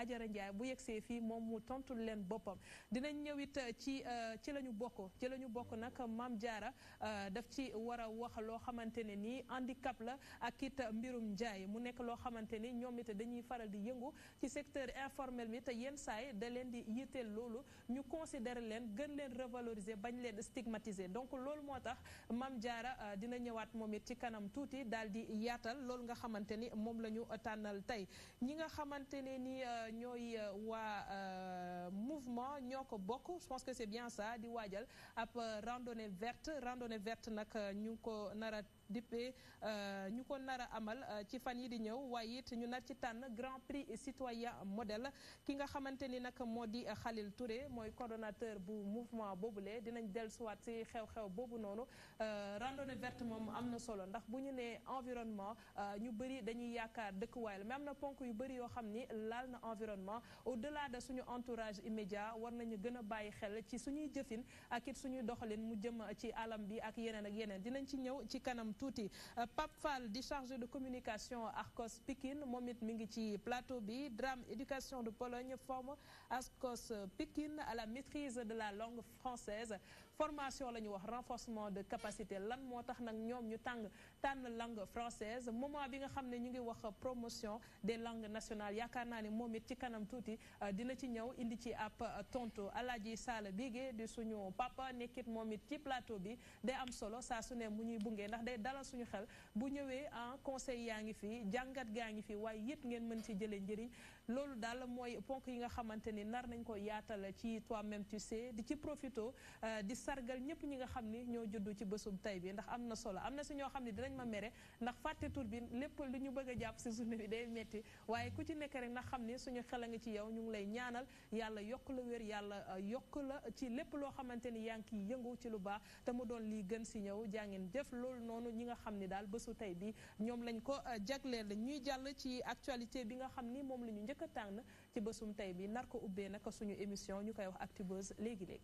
Ajara Ndiaye bu yegsee fii moom mu tontu leen boppam dinañ ñëw it euh, ci euh, ci la ñu bokk ci la ñu bokk nag Maam Jaara euh, daf ci war a wax loo xamante ne nii handicap la ak it mbirum njaay mu nekk loo xamante ni ñoom it dañuy faral di yëngu ci secteur informel bi te yenn saay da leen di yitteel loolu ñu considérer leen gën leen revaloriser bañ leen stigmatiser donc loolu moo tax Maam Jaara dina ñëwaat moom it ci kanam tuuti daal di yaatal loolu nga xamante ni moom la ñu tànnal tey ñi nga ñooy euh, waa euh, mouvement beaucoup ko beaucoup je pense que c'est bien ça di wadjal ap euh, randonnée verte randonnée verte nak ñu depuis, euh, ñu ko nara amal euh, ci fan yi di ñew waye it ñu nar ci tan grand prix citoyen modèle ki nga xamanteni nak modi Khalil Touré moy coordonnateur bu mouvement boobule dinañ dellusiwaat ci xew-xew boobu noonu euh, randonnée verte mom amna solo ndax bu ñu environnement ñu bëri dañuy yaakaar dekk la mais amna ponk yu bëri yo xamni lal na environnement au delà de suñu entourage immédiat war nañu gëna bayyi xel ci suñuy jëfine ak it suñuy doxalin mu jëm ci alam bi ak yenen ak yenen dinañ ci ñew ci kanam Papfal, euh, Pape Fall déchargé de communication Arcos Pekin, Momit Mingiti, plateau B, drame éducation de Pologne forme Arcos Pekin à la maîtrise de la langue française formation la ñu wax renforcement de capacité lan moo tax nag ñoom ñu tàng tànn langue française moment bi nga xam ne ñu ngi wax promotion de langues nationale yaakaar naa ne moom it ci kanam tuuti euh, dina ci ñëw indi ci ab euh, tontu Alaaji Saala Bigé di suñu papa nekkit moom it ci plateau bi day am solo saa su ne mu ñuy bungee ndax day dalal suñu xel bu ñëwee en ah, conseil yaa ngi fi jàngat gaa ngi fi waaye it ngeen mën ci jëlee njëriñ loolu daal mooy ponk yi nga xamante ni nar nañ ko yaatal ci toi même tu sais di ci profito euh, di sargal ñëpp ñi nga xam ni ñoo juddu ci bésub tey bi ndax am na solo am na si ñoo xam ne dinañ ma mere ndax fàtte tur bi lu ñu bëgg a jàpp si journée bi day metti waaye ku ci nekk rek na xam ni suñu xel a ngi ci yow ñu ngi lay ñaanal yàlla yokk la wér yàlla euh, yokk ci lépp loo xamante ni yaa ngi kiy ci lu baax te mu doon lii gën si ñëw jàngeen jëf loolu noonu ñi nga xam ni daal bësu tey bi ñoom lañ ko euh, jagleel ñuy jàll ci actualité bi nga xam ni moom lañu Kat ki bosum taibi narko ube na ka suu emisyonñu ka yo akib legileg.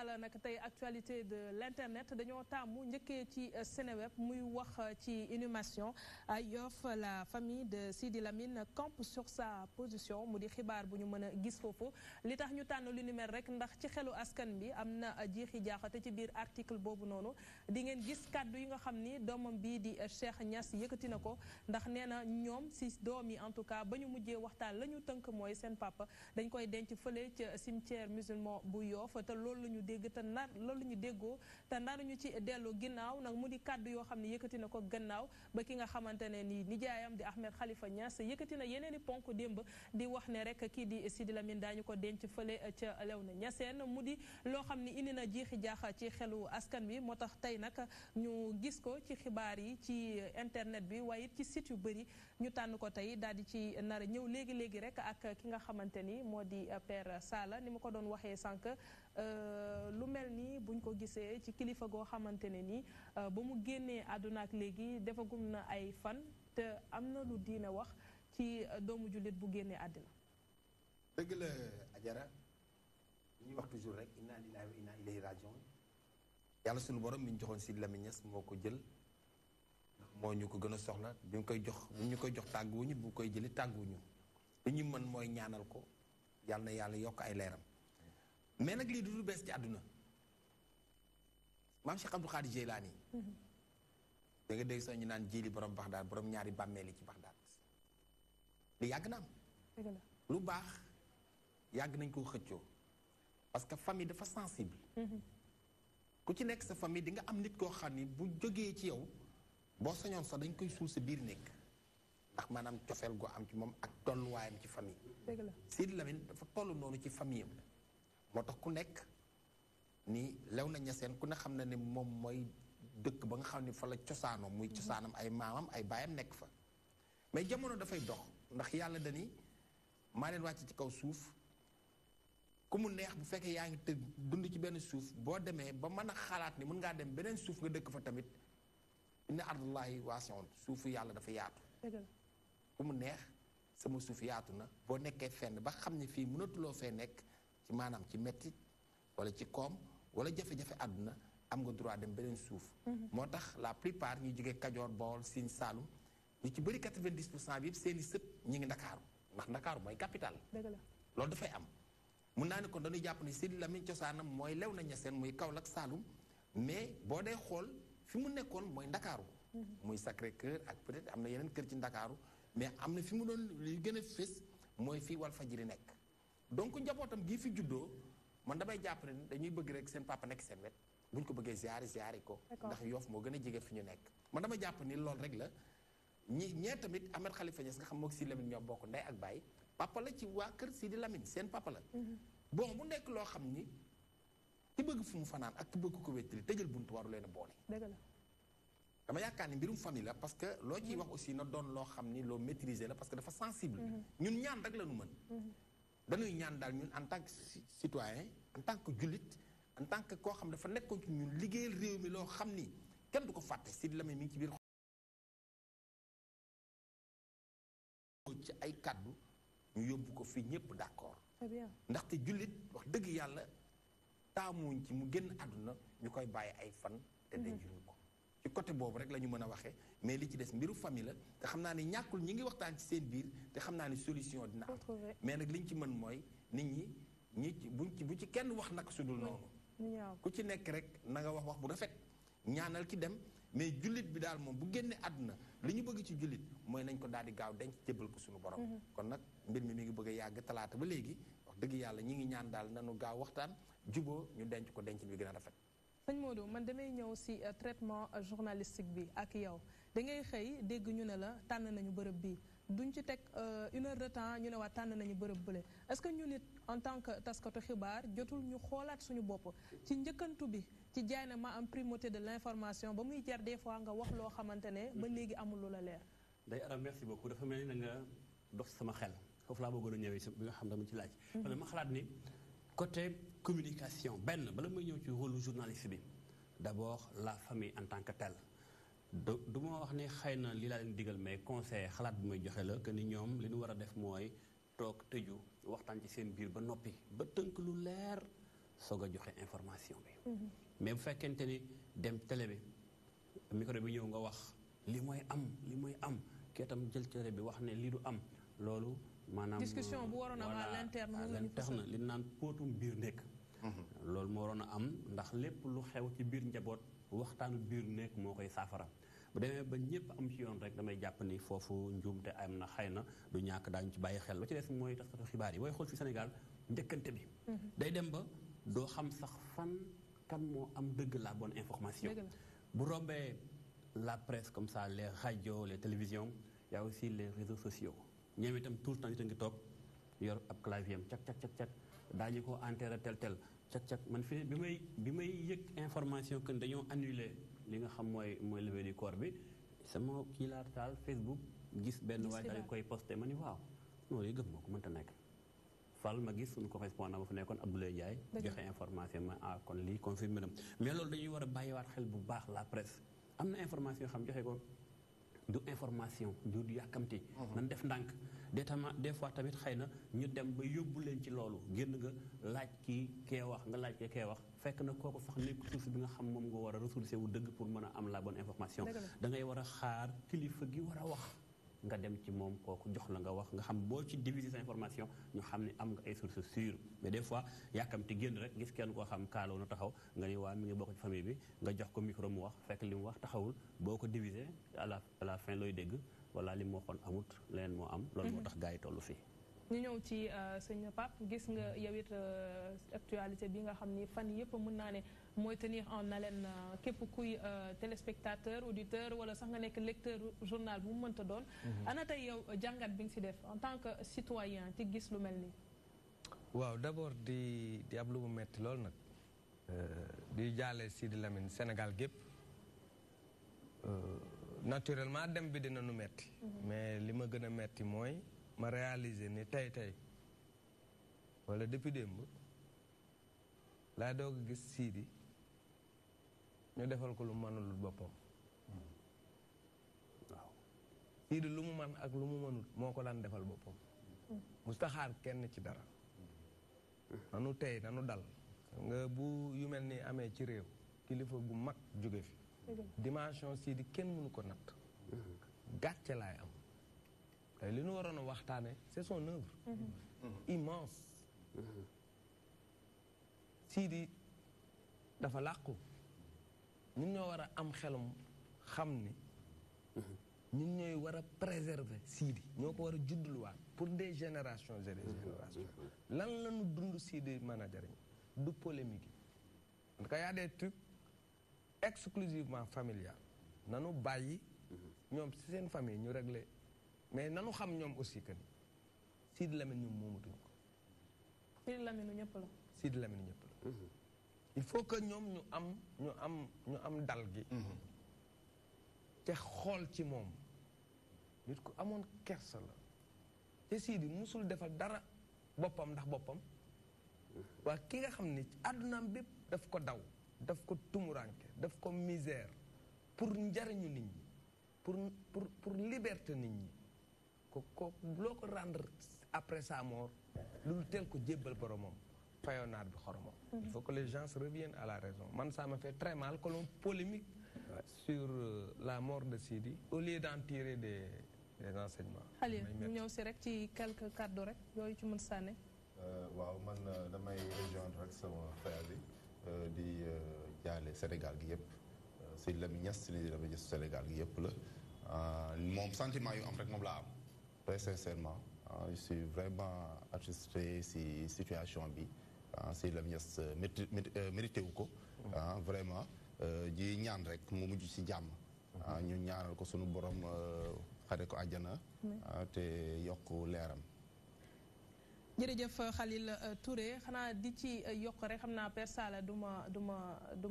taala nak tay actualité de l'internet dañu dañoo tàmmu njëkkee ci euh, Seneweb muy wax euh, ci inhumation ayof euh, la famille de Sidi Lamine campe sur sa position mu di xibar bu ñu mëna gis foofu li tax ñu tànn lu ni mel rek ndax ci xelu askan bi amna jixi jaxata ci biir article bobu nonu di ngeen gis kaddu yi nga xamni domam bi di Cheikh Niass yëkëti nako ndax nee ñom si en tout cas bañu mujjé waxtaan lañu tënk mooy papa dañ koy denc fële ci cimetière musulman bu yof te loolu ñu dégg te nar loolu ñu déggoo te naruñu ci dellu ginnaaw nag mu di kàddu yoo xam ne yëkkati na ko gannaaw ba ki nga xamante ne ni nijaayam di Ahmed Khalifa Niass yëkkati na yeneen i ponk démb di wax ne rek kii di Sidi Lamine daañu ko denc fële ca Léona Niassène mu di loo xam ne indi na jiixi jaaxa ci xelu askan wi moo tax tey nag ñu gis ko ci xibaar yi ci internet bi waaye it ci site yu bëri ñu tànn ko tey daal di ci nar ñëw léegi léegi rek ak ki nga xamante ni moo di per Sala ni ma ko doon waxee sànq. Euh, lu mel nii buñ ko gisee ci kilifa goo xamante ne nii euh, ba mu génnee àdduna ak léegi defagum na ay fan te am na lu diine wax ci euh, doomu jullit bu génnee àddina dëgg la ajara ñuy wax toujours rek inna lillahi wa borom bi ñu joxoon si Lamine Niass moo ko jël moo ñu ko gën a soxla bi ñu koy jox bi ñu koy jox tàgguwuñu bu koy jëli tàgguwuñu li ñu mën mooy ñaanal ko yàlla na yàlla yokk ay leeram mais nag lii du lu bees ci àdduna maam Cheikh Abdou Khadir Jeylaani da nga dégg sax ñu naan jili borom Baxdaad borom ñaari bàmmeeli ci Baxdaad li yàgg na am lu baax yàgg nañ koo xëccoo parce que famille dafa sensible mhm. ku ci nekk sa famille di nga am nit koo xam ni bu jógee ci yow boo sañoon sax dañ koy suul sa biir nekk ndax maanaam cofeel goo am ci moom ak tolluwaayam ci famille Sidi Lamine dafa toll noonu ci famille moo tax ku nekk nii lew na ñaseen ku ne xam na ne moom mooy dëkk ba nga xam ne fa la cosaanoo muy mhm. cosaanam ay maamam ay baayam nekk fa mais jamono dafay dox ndax yàlla dani maa leen wàcc ci kaw suuf ku mu neex bu fekkee yaa ngi tëdd dund ci benn suuf boo demee ba mën a xalaat ni mën ngaa dem beneen suuf nga dëkk fa tamit inna ardullahi waasi'un suuf yàlla dafa yaatu ku mu neex sama suuf yaatu na boo nekkee fenn ba xam ne fii mënatuloo fee nekk maanaam ci mettit wala ci koom wala jafe-jafe àdduna am nga droit dem beneen suuf mhm. moo tax la plupart ñu jógee Kajoor Bawol Siin Saalum ñu ci bëri 90 pour cent bi yëpp seen i sët ñu ngi ndakaaru ndax ndakaaru mooy capital loolu dafay am mun naa nekkoon kon dañuy jàpp ne Sidi Lamine cosaanam mooy lew na ñeseen muy Kaolack Saalum mais boo dee xool fi mu nekkoon mooy ndakaaru mhm. muy Sacré-Cœur ak peut-être am na yeneen kër ci ndakaaru mais am na fi mu doon li gën a mooy fii Walfadjri nekk donc njabotam gii fi juddo man damay japp ne dañuy bëgg rek seen papa nek seen wet buñ ko bëggee ziari ziari ko ndax yoof mo gëna a fi ñu nek man dama japp ni lool rek la ñi ñe tamit amad Khalifa ñes nga xam mok si Lamine ñoo bokk nday ak bay papa la ci wa kër Sidi Lamine seen papa la mm-hmm. bon mu nek lo xam ni ki bëgg fu mu fanaan ak ki bëgg ko wétri tejeul buntu waru leen a boole dama yaakaar ni mbirum famille la parce que lo ci mm-hmm. wax aussi na doon lo xam ni maîtriser la parce que dafa sensible mm-hmm. ñun ñaan rek la nu mëne dañuy ñaan daal ñun en tant que citoyen en tant que jullit en tant que koo xam dafa nekkoon ci ñun liggéeyal réew mi loo xam ni kenn du ko fàtte Sidi Lamine mi ci biir ci ay kàddu ñu yóbbu ko fii ñëpp d'accord ndaxte jullit wax dëgg yàlla taamuñ ci mu génn àdduna ñu koy bàyyi ay fan te mm-hmm. denc ñu ci côté boobu rek la ñu mën a waxee mais li ci des mbiru famille la te xam naa ni ñàkkul ñi ngi waxtaan ci seen biir te xam naa ni solution dina am mais nag li ñu ci mën mooy nit ñi ñi buñ ci bu ci kenn wax naka sudul ku ci nekk rek na nga wax wax bu rafet ñaanal ki dem mais jullit bi daal bu génne àdduna li ñu bëgg ci jullit mooy nañ ko daal di gaaw denc jébbal ko suñu borom mhm. kon nag mbir mi mi ngi bëgg a yàgg talaata ba léegi wax dëgg yàlla ñi ngi ñaan daal nanu gaaw waxtaan juboo ñu denc ko denc bi gën a rafet un man damay ñëw euh, traitement euh, journalistique bi ak yow da ngay xey dégg ñu ne la tànn nañu bërëb bi duñ ci euh, une heure de temps ñu ne waa tànn nañu bërëb est-ce que ñu en tant que xibaar jotul ñu xoolaat suñu bopp ci njëkkantu bi ci jaay ma am primauté de l'information ba muy jar des fois nga wax loo xamante ba léegi amul lu leer merci beaucoup dafa mel ni nga dox sama xel foofu laa bëggoon bi nga xam ci laaj mm-hmm. ma communication benn bala may ñëw ci rôle journaliste bi d'abord la famille en tant que telle du du ma wax ne xëy na li laa leen digal mais conseil xalaat bi may joxe la que ni ñoom li ñu war a def mooy toog tëju waxtaan ci seen biir ba noppi ba tënk lu leer soog a joxe information bi. mais mm-hmm. bu fekkente ni dem télé bi micro bi ñëw nga wax li mooy am li mooy am kee tam jël télé bi wax ne lii du am loolu. maanaam discussion bu waroon a am à l'interne moom la ñu tax li naan póotum biir nekk mhm. loolu moo waroon a am ndax lépp lu xew ci biir njaboot waxtaanu biir nekk moo koy saafara bu demee ba ñëpp am ci yoon rek damay jàpp ni foofu njuumte am na xëy na du ñàkk daañu ci bàyyi xel lu ci des mooy taskatu xibaar yi booy xool fi Sénégal njëkkante bi mhm. day dem ba doo xam sax fan kan moo am dëgg la bonne information bu rombee la presse comme ça les radios les télévisions y a aussi les réseaux sociaux ñoom itam tout le temps ñu ngi toog yor ab clavier am cak cak cak daañu ko enterré tel tel cak cak man fi bi may bi may yëg information que dañoo annulé li nga xam mooy mooy levée du bi sama kii laa taal Facebook gis benn waay daal koy posté ma ni waaw non léegi gëm ma ko mënta nekk. Fall ma gis suñu correspondant ba fa nekkoon Abdoulaye jaay joxe information ma ah kon lii confirmé na mais loolu dañuy war a waat xel bu baax la presse am na information yoo xam joxe ko. du information du yàkkamti mhm. nan def ndànk des tama des fois tamit xëy na ñu dem ba yóbbu leen ci loolu génn nga laaj kii kee wax nga laaj kee kee wax fekk na kooku sax nekk suuf bi nga xam moom nga war a ressourcé wu dëgg pour mën a am la bonne information da ngay war a xaar kilifa gi war a wax nga dem ci moom kooku jox la nga wax nga xam boo ci diviser sa information ñu xam ne am nga ay sources sûres mais des fois yàkkamti génn rek gis kenn koo xam kaaloo na taxaw nga ni waa mi ngi bokk ci famille bi nga jox ko micro mu wax fekk li mu wax taxawul boo ko diviser à la à la fin looy dégg wala li mu waxoon amut leneen moo am. loolu moo mhm. tax gars yi tollu fii. ñu ñëw ci euh, sëñ Pape gis nga yow it euh, actualité bi nga xam ni fan yëpp mën naa ne mooy tenir en haleine euh, képp kuy téléspectateur auditeur wala sax nga nekk lecteur journal bu mu mënta doon. Mhm. ana tey yow jàngat bi nga si def en tant que citoyen ci gis lu mel nii. waaw d' abord di di am lu mu metti lool nag. di jaale Sidi Lamine Sénégal gépp naturellement dem bi dina nu metti mhm. mais li ma gën a metti mooy. ma réaliser ni tey tey wala depuis démb laa doog a gis siidi ñu defal ko lu mënul boppam waaw siidi lu mu man ak lu mu mënul moo ko daan defal boppam mu saxaar kenn ci dara nanu tey nanu dal nga bu yu mel ni amee ci réew kilifa gu mag jóge fi dimension siidi kenn mënu ko natt gàcce laay am c'est son œuvre mhm. immense mhm. Sidi dafa làqu mhm. préserver Sidi Nous pour des générations et des générations lan nous nous dund Sidi polémique y a des trucs exclusivement familial Nous nos ñoom si famille régler mais nanu xam ñoom aussi que ni Sidi Lamine ñoom moomatuñ ko. Sidi Lamine ñëpp la. Sidi Lamine ñëpp la. Mhm. il faut que ñoom ñu am ñu am ñu am dal gi. Mhm. te xool ci moom nit ku amoon kersa la te Sidi musul defal dara boppam ndax boppam mhm. waa ki nga xam ni àddunaam bépp daf ko daw daf ko tumuranke daf ko misère pour njariñu nit ñi pour pour pour liberté nit ñi. ko ko loo ko rendre après sa mort lul tel ko jébbal boromam payonaat bi xoromam mhm. il faut que les gens se reviennent à la raison man ça me fait très mal que l'on polémique sur euh, la mort de Sidi au lieu d'en tirer des des enseignements Aliou ñu ñëw si rek ci quelques kàddu rek yooyu ci mën sànne euh, waaw man euh, damay rejoindre rek sama frère bi di jaale Sénégal gi yëpp si Lamine Niass si la Lamine Sénégal gi yëpp la moom sentiment yu am rek moom laa am très sincèrement hein, je suis vraiment attristée si situation bi c'est hein, la ministre euh, mérité ou quoi, mm. hein, vraiment euh, di ñaan rek mu mujj si jàmm mm-hmm. ñu ñaanal ko sunu borom euh, xare ko àjjana te yokk leeram jërëjëf Khalil Touré xanaa di ci yokk rek xam naa persala du duma du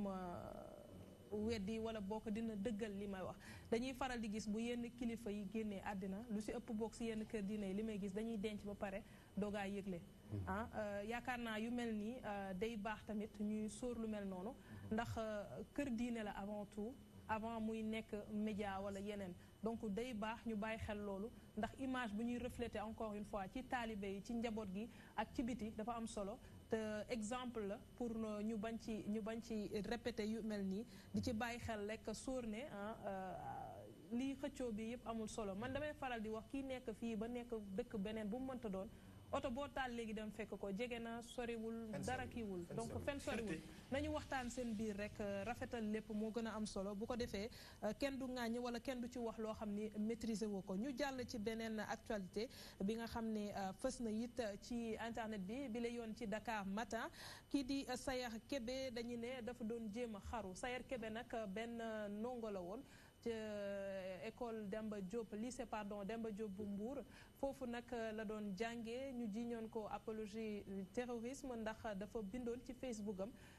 weddi wala boo ko dina dëggal li may wax dañuy faral di gis bu yenn kilifa yi génnee àddina lu si ëpp bokk si yenn kër diine yi li may gis dañuy denc ba pare doogaa yëgle hmm. ah euh, yaakaar naa yu mel nii euh, day baax tamit ñuy sóor lu mel noonu hmm. ndax euh, kër diine la avant tout avant muy nekk média wala yeneen donc day baax ñu bàyyi xel loolu ndax image bu ñuy refléter encore une fois ci taalibe yi ci njaboot gi ak ci biti dafa am solo exemple la pour ñu bañ ci ñu bañ ci répété yu mel nii di ci bàyyi xel rek sóor ne ah, ah, lii xëccoo bi yëpp amul solo man damay faral di wax kii nekk fii ba nekk dëkk beneen bu mu mënta doon oto boo taal léegi dem fekk ko jege na soriwul dara kiiwul donc fen soriwul nañu waxtaan seen biir rek euh, rafetal lépp moo gën a am solo bu ko defee euh, kenn du ŋàññ wala kenn du ci wax loo xam ni maîtriser woo ko ñu jàll ci beneen actualité bi nga xam ne euh, fës na yit ci internet bi bi yoon ci Dakar Matin kii di Sayar Kebe dañu ne dafa doon jéem a xaru Sayar Kebe nag benn ndongo la woon Euh, école Demba Diop lycée pardon Demba Diop il fofu nak la don jangé ñu jiñoon ko apologie terrorisme ndax dafa bindoon ci Facebook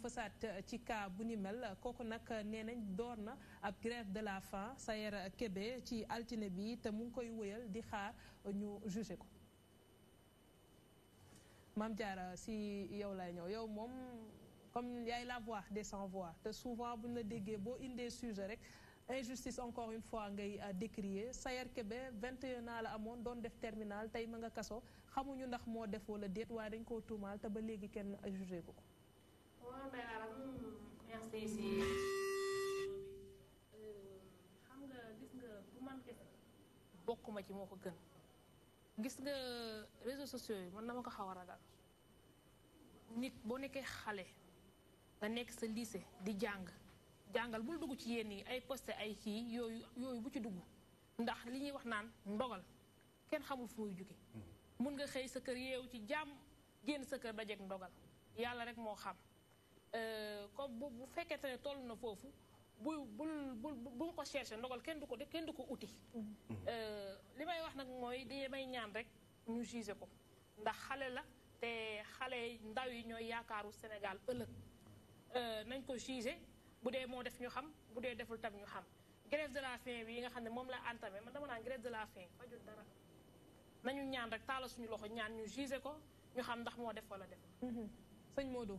fësaat euh, ci ka bu ni mel kooku nak euh, nenañ nañ door na ab grève de la faim Sayer Kébé ci altiné bi te mu ngi koy wëyal di xaar ñu jugé ko mam Diarra si yow lay ñëw yow mom comme yay la voix des sans voix te souvent bu ñu la bo indé sujet rek injustice encore une fois ngay euh, décrier Sayer Kébé 21 ans la amone doon def terminal tay ma nga xamu ñu ndax mo def wala déet waaye dañ ko tumal te ba légui kenn jugé ko. loolu day waral bokkuma ci moo ko gën gis nga réseaux sociaux yi man dama ko xaw a ragal nit boo nekkee xale nga nekk sa lycée di jàng jàngal bul dugg ci yenn yi ay poste ay kii yooyu yooyu bu ci dugg ndax li ñuy wax naan ndogal kenn xamul fu muy jóge mhm. mun nga xëy sa kër yeewu ci jàmm génn sa kër dajeeg ndogal yàlla rek moo xam Euh, comme bu bu fekkente ne toll na foofu bu bul bul bu mu ko cherché ndogal kenn du ko kenn du ko uti. Mm-hmm. Euh, li may wax nag mooy di may ñaan rek ñu jugé ko ndax xale la te xale ndaw yi ñooy yaakaaru Sénégal ëllëg euh, nañ ko jugé bu dee moo def ñu xam bu dee deful tam ñu xam grève de la faim bi yi nga xam ne moom la entamé man dama naan grève de la faim fajul dara nañu ñaan rek taala suñu loxo ñaan ñu jugé ko ñu xam ndax moo def wala def mm-hmm. sëñ Modou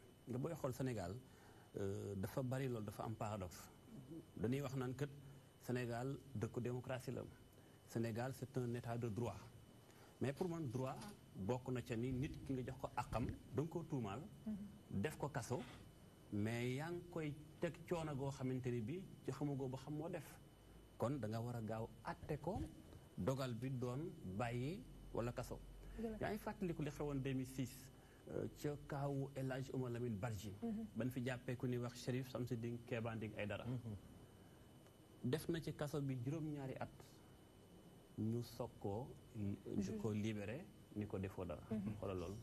nga booy xool Sénégal euh, dafa bari loolu dafa am paradoxe dañuy wax naan kët Sénégal dëkku démocratie la Sénégal c'est un état de droit mais pour man droit bokk na ca ni nit ki nga jox ko ak xam nga koo tuumaal def ko kaso mais yaa ngi koy teg coono goo xamante ni bi ci xamagoo ba xam moo def kon da nga war a gaaw atte ko dogal bi doon bàyyi wala kaso yaa ngi fàttaliku li xewoon ca kaawu El Hadj Omar Lamine Barji mhm. ban fi jàppee ku ni wax Chérif Samsidine Keebanding Aidara mhm. def na ci kaso bi juróom-ñaari at ñu soog koo ñu mhm. ko libéré ni ko defoo dara xoolal loolu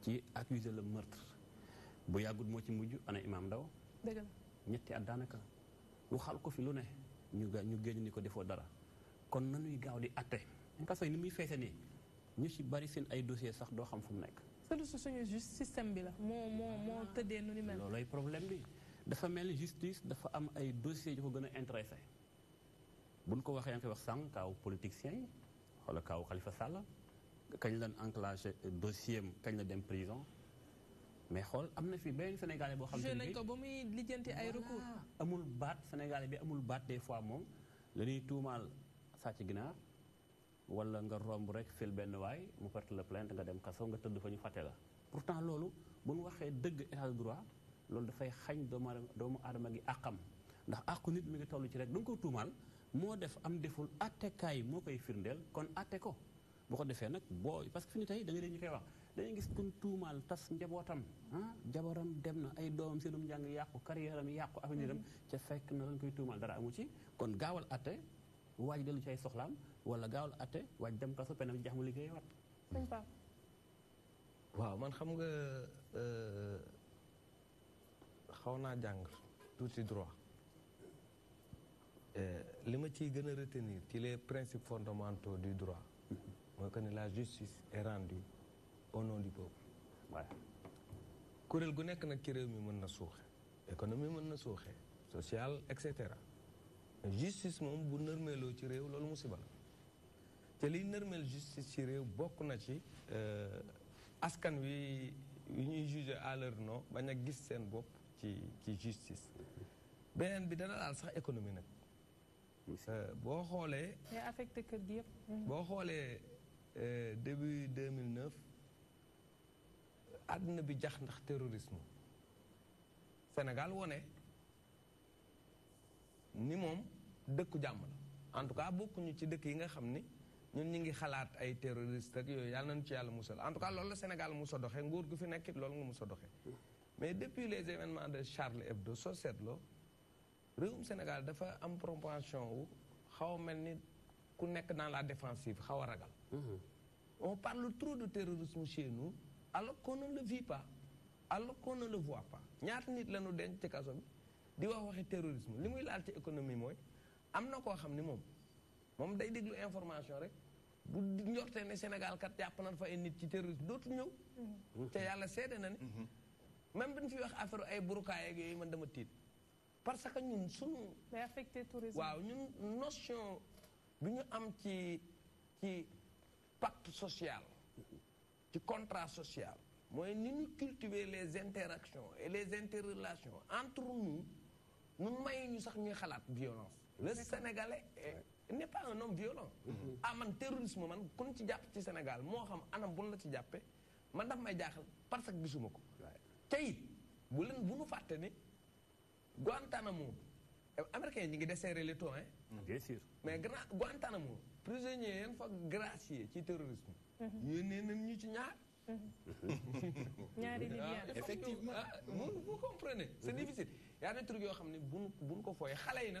ci accusé le meurtre bu yàggut moo ci mujj ana imaam Ndaw ñetti at daanaka waxal ko fi lu ne ñu ga ñu génn ni ko defoo dara kon nanuy gaaw di atte kaso yi ni muy feese nii ñu ci bari seen ay dossier sax doo xam fu mu nekk xelu su juste système bi la mo mo mo tëddee nu ni mel. lolay problème bi dafa mel justice dafa am ay dossier yu ko gën intéressé buñ ko waxee yaa ngi wax sang kaw politiciens yi wala kaaw Khalifa Sall kañ lañ enclenché dossier am kañ la dem prison mais xol amna fi benn sénégalais bo xam ne ko ba muy lijjanti ay recours amul bat sénégalais bi amul bat des fois moom lañuy ñuy tuumaal sàcc ginaar wala nga romb rek fil benn waay mu porte la plainte nga dem kaso nga tëdd fa ñu fàtte la pourtant loolu bu ñu waxee dëgg état de loolu dafay xañ doomu aadama gi àqam ndax àqu nit mi ngi toll ci rek da nga ko tuumaal moo def am deful attekaay moo koy firndeel kon atte ko bu ko defee nag boo parce que tey da nga dee ñu koy wax dañuy gis kuñ tuumaal tas njabootam ah jabaram dem na ay doomam seenum njàng yàqu carrière am yàqu avenir am ca fekk na lañ koy tuumaal dara amu ci kon gaawal atte waaj dellu ci ay soxlaam wala gaawal atte waaj dem kaso penam jax mu liggéey wat waaw man xam nga euh, xaw naa jàng tuuti droit euh, li ma ciy gën a retenir ci les principes fondamentaux du droit mooy que ni la justice est rendue au nom du peuple kuréel gu nekk nag ci réew mi mën na suuxe économie mën na suuxe sociale et cetera justice moom bu nërmeeloo ci réew loolu musiba la te liy nërmeel justice ci réew bokk na ci euh, askan wi yu ñuy juger à leur bañ a gis seen bopp ci ci justice beneen bi dana laal sax économie nag euh, boo xoolee affecté kër gi yëpp mhm. boo xoolee euh, début 2009 àdduna bi jax ndax terrorisme Sénégal wone ni moom dëkku jàmm la en tout cas ñu ci dëkk yi nga xam ni ñun ñu ngi xalaat ay terroriste ak yooyu yàlla nañu ci yàlla musal en tout cas loolu la Sénégal musa doxee nguur gu fi nekkit loolu nga musa doxee mais depuis les événements de Charlie Hebdo soo seetloo réewum Sénégal dafa am propension wu xaw a mel ni ku nekk dans la défensive xaw a ragal mhm. on parle trop de terrorisme chez nous alors qu'on ne le vit pas alors qu'on ne le voit pas ñaata nit la ñu denc ci kaso bi di wax waxi terrorisme li muy laal ci économie mooy am na koo xam ni moom moom day déglu information rek bu njortee ne Sénégal kat jàpp nañ fa ay nit ci terroriste dootul ñëw. Mm-hmm. te yàlla seede na ne. Mm-hmm. même bi fi wax affaire ay burukaay ak yooyu man dama tiit. parce que ñun suñu. day affecté tourisme waaw ñun notion bi ñu am ci ci pacte social. ci contrat social. mooy ni ñu cultiver les interactions et les interrelations entre nous ñun may ñu sax ñuy xalaat violence. le sénégalais n'est pas un homme violent mm-hmm. ah man terrorisme man kun ci jàpp ci Sénégal moo xam anam bu la ci jàppee man daf may jaaxal parce que gisuma ko te it bu leen bu nu fàtte ni Guantanamo américains ñi ngi desserrer les taux hein mm-hmm. mais grand Guantanamo prisonniers yeen fa gracier ci terrorisme mm-hmm. yónnee nañ ñu ci ñaar ñaari milliards effectivement vous ah, vous yaa ne truc yoo xam ne buñ buñ ko fooyee xale yi na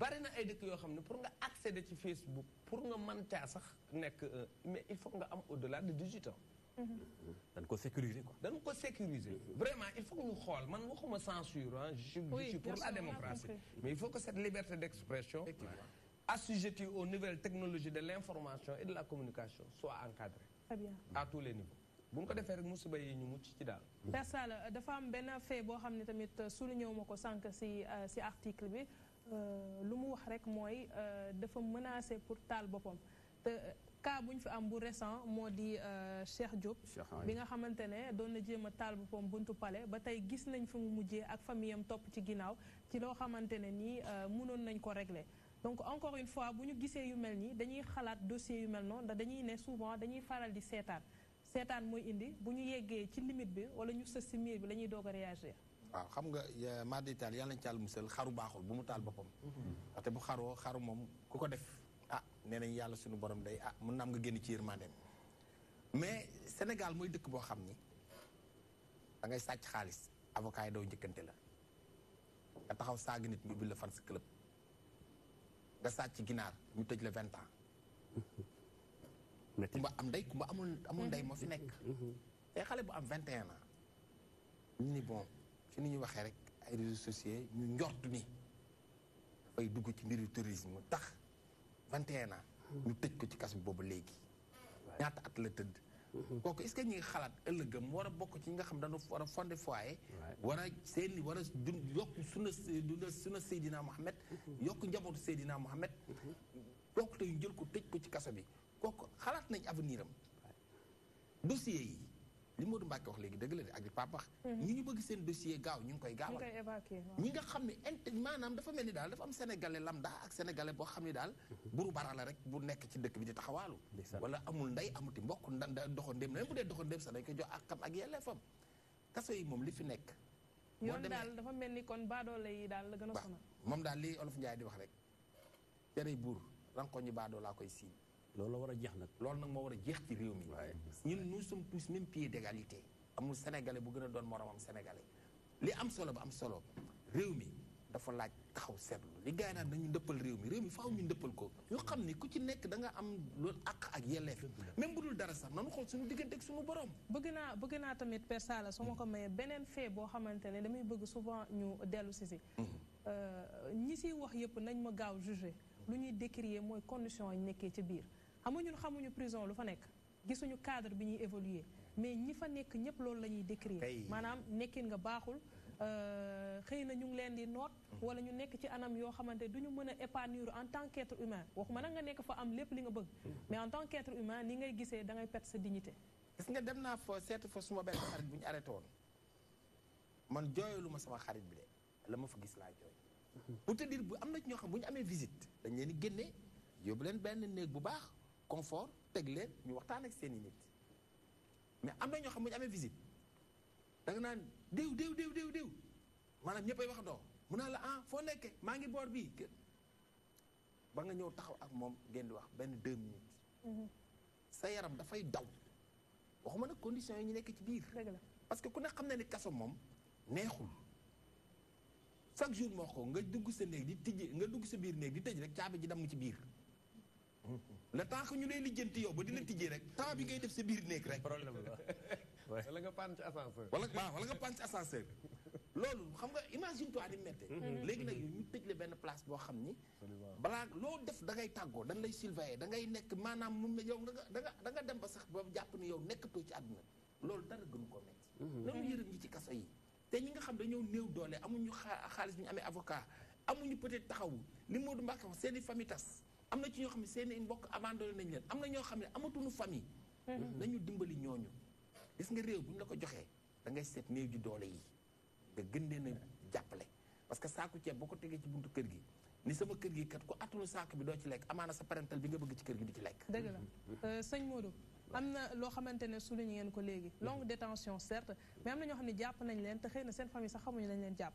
bari na ay dëkk yoo xam ne pour nga accéder ci Facebook pour nga mën caa sax nekk euh, mais il faut nga am au-delà de 18 ans. dañ ko sécuriser quoi. dañ ko sécuriser vraiment il faut que ñu xool man waxuma censure hein je suis pour la démocratie. mais il faut que cette liberté d'expression. assujettie aux nouvelles technologies de l'information et de la communication soit encadrée. très bien à tous les niveaux. bu ñu ko defee rek musiba yi ñu mucc ci daal. Père dafa am benn fait boo xam ne tamit euh, souligné ma ko sànq si euh, si article bi. Euh, lu mu wax rek mooy euh, dafa menacé pour taal boppam te euh, cas bu ñu fi am bu récent moo di Cheikh Diop bi nga xamante ne doon na jéem a taal boppam buntu palais ba tey gis nañ fi mu mujjee ak famille am topp ci ginnaaw ci loo xamante ne nii mënoon nañ ko regle donc encore une fois bu ñu gisee yu mel nii dañuy xalaat dossier yu mel noonu ndax dañuy ne souvent dañuy faral di seetaan seetaan mooy indi bu ñu yeggee ci limite bi wala ñu sës si miir bi la ñuy doog a réagir waaw xam nga mar di taal yàlla nañ caal musal xaru baaxul bu mu taal boppam waxte bu xaroo xaru moom ku ko def ah nee nañ yàlla suñu borom day ah mun na am nga génn ci yërmandeem mais Sénégal mooy dëkk boo xam ni da ngay sàcc xaalis avocat doo njëkkante la nga taxaw saag nit ñu ubbi la fan sa club nga sàcc ginaar ñu tëj la vingt ans kumba am ndey kumba amul amul ndey moo fi nekk mhm, mhm, mhm. te xale bu am vingt et un ans ñu ni bon ci ni ñu waxee rek ay réseaux sociaux ñu njort ni ay dugg ci mbiru terrorisme tax 21 ans ñu tëj ko ci kaso boobu léegi ñaata at la tëdd kooku est-ce que ñu ngi xalaat ëllëgam war a bokk ci ñi nga xam dañu war a fondé foyer war a seen war a dun yokk sunna dunda Mohamed yokk njabootu Seydina Mohamed kooku te ñu jël ko tëj ko ci kaso bi kooku xalaat nañ avenir am dossier yi li Modou Mbacke wax léegi dëgg la de ak li Pape wax. Mhm. ñu bëgg seen dossier gaaw ñu ngi koy gaawal. ñi nga xam ne int maanaam dafa mel ni daal dafa am sénégalais lambda ak sénégalais boo xam ne daal. Mhm. buru bara rek bu nekk ci dëkk bi di taxawaalu. wala amul ndey amuti mbokk nda doxandéem même bu dee doxandéem sax dañ koy jox ak xam ak yelleefam kaso yi moom li fi nekk. moo demee daal dafa mel ni kon baadoole yi daal la gën a sonal. moom daal li Olof Ndiaye di wax rek. tere buur ranko ñi baadoo laa koy siiñ loolu la war a jeex nag. loolu nag moo war a jeex ci réew mi. ñun nous sommes tous même pied d'égalité amul sénégalais bu gën a doon moromam sénégalais li am solo ba am solo réew mi dafa laaj taxaw seetlu li gars yi naan dañu ndëppal réew mi réew mi faaw ñu ndëppal ko ñu xam ne ku ci nekk danga am loolu àq ak yelleef même bu dul dara sax nanu xool suñu diggante ak suñu borom. bëgg naa bëgg naa tamit per sala su ma ko mayee beneen fee boo xamante ne damay bëgg souvent ñu dellu si si. Euh, ñi siy wax yëpp nañ ma gaaw jugé lu ñuy décrier mooy condition yi nekkee ci biir. xam nga ñun xamuñu prison lu fa nekk gisuñu cadre bi ñuy évoluer mais ñi fa nekk ñëpp loolu la ñuy décrire maanaam nekkiin nga baaxul euh, xëy na ñu ngi leen di noot mm. wala ñu nekk ci anam yoo xamante du ñu mën a épanouir en tant qu'être humain waxuma nag nga nekk fa am lépp li nga bëgg mm. mais en tant qu'être humain ni ngay gisee da ngay perte sa dignité gis nga dem naa fa seet suma benn xarit bu ñu arrêté woon man jooyalu ma sama xarit bi de la ma fa gis laa mm-hmm. bu am na ci ñoo bu ñu amee visite dañ leen di génne yóbbu leen benn néeg bu baax confort teg leen ñu waxtaan ak seeni i nit mais am na ñoo xam ne ñu amee visite danga nga naan déw déw déw déw déw maanaam ñëppay wax doo mun naa la ah foo nekkee maa ngi boor bii ba nga ñëw taxaw ak moom ngeen di wax benn deux minutes. Mm-hmm. sa yaram dafay daw waxuma nag condition yi ñu nekk ci biir. parce que ku ne xam na ni kaso moom neexul chaque jour moo ko nga dugg sa néeg di tijji nga dugg sa biir néeg di tëj rek caabi ji damm ci biir. Mm-hmm. le temps que ñu lay lijjanti yow ba di la tijji rek temps bi ngay def sa biir néeg rek. problème la wala nga paan ci ascenseur. loolu xam nga imagine toi di métte mm-hmm. mm-hmm. léegi nag ñu tëj la benn place boo xam ni. balaa loo def da ngay tàggoo dañ lay surveiller da ngay nekk maanaam mu yow da nga da nga da nga dem ba sax ba jàpp ni yow nekkatoo ci àdduna loolu dara gënu ko métti. loolu mm-hmm. yërëm ñi ci kaso yi. te ñi nga xam dañoo néew doole amuñu xaalis bi ñu amee avocat amuñu peut-être taxawu li Modou Mbacké wax seen i tas am na ci ñoo xam ne seen mbokk abandonné nañ leen am na ñoo xam ne amatuñu famille. Mm-hmm. nañu dimbali ñooñu. gis nga réew bu ñu la ko joxee da ngay seet néew ji doole yi nga gën leen a jàppale parce que saaku ceeb boo ko tegee ci buntu kër gi ni sama kër gi kat ku attanu saako bi doo ci lekk amaana sa parental bi nga bëgg ci kër gi du ci lekk. dëgg la mm-hmm. euh, sëñ Modou. am na loo xamante ne su ñu ngeen ko léegi mm-hmm. longue détention certes mais am na ñoo xam ne jàpp nañ leen te xëy na seen famille sax xamuñu nañ leen jàpp.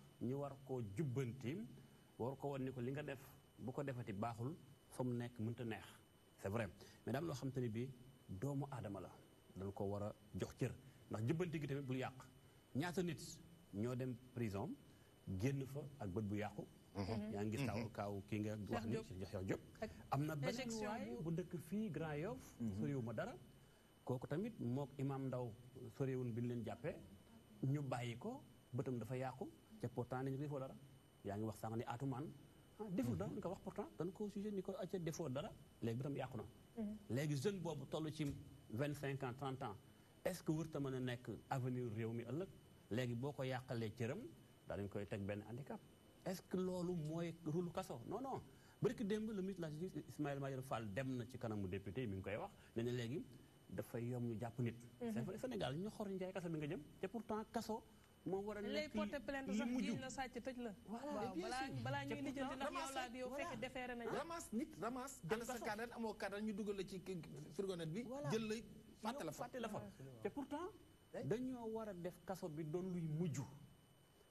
ñu war koo jubbanti war ko wan ni ko li nga def bu ko defati baaxul fa mu nekk mënta neex c'est vrai mais daam loo xam te ne bii doomu aadama la dañ ko war a jox cër ndax jubbanti gi tamit bul yàq ñaata nit ñoo dem prison génn fa ak bët bu yàqu mhm. yaa ngi gis kaw mhm. kaaw kii nga wax ni Cheikh Diop am na beneen waay bu dëkk fii Grand Yoff mhm. soriwu ma dara kooku tamit mook imaam ndaw soriwun bi ñu leen jàppee ñu bàyyi ko bëtam dafa yàqu te pourtant nañu ko defoo dara yaa ngi wax sànq ne atumaan ah deful dara dañu mm-hmm. wax pourtant dañu ko sujet ni ko acca ah, defoo dara léegi bi tam yàqu mm-hmm. léegi jeune boobu toll ci vingt cinq ans trente ans est ce que wër ta mën a nekk avenir réew mi ëllëg léegi boo ko yàqalee cëram daa dañ koy teg benn handicap est ce que loolu mooy rulu kaso non non barki démb le ministre de la justice Ismaïla Madior Fall dem na ci kanamu député mi ngi koy wax ne ne léegi dafay yomb ñu jàpp nit mm-hmm. c'est vrai Sénégal ñu nga jëm moo war a nekk li mujj la sàcc tëj la. voilà balaa ñuy lijjanti ndax yow laa bi yow fekk defeere nañu. ramas nit ramas jël sa cadran amoo cadran ñu dugal la ci fourgonnette bi. jël la fàtte la fa fàtte la fa te pourtant. dañoo war a def kaso bi doon luy mujj.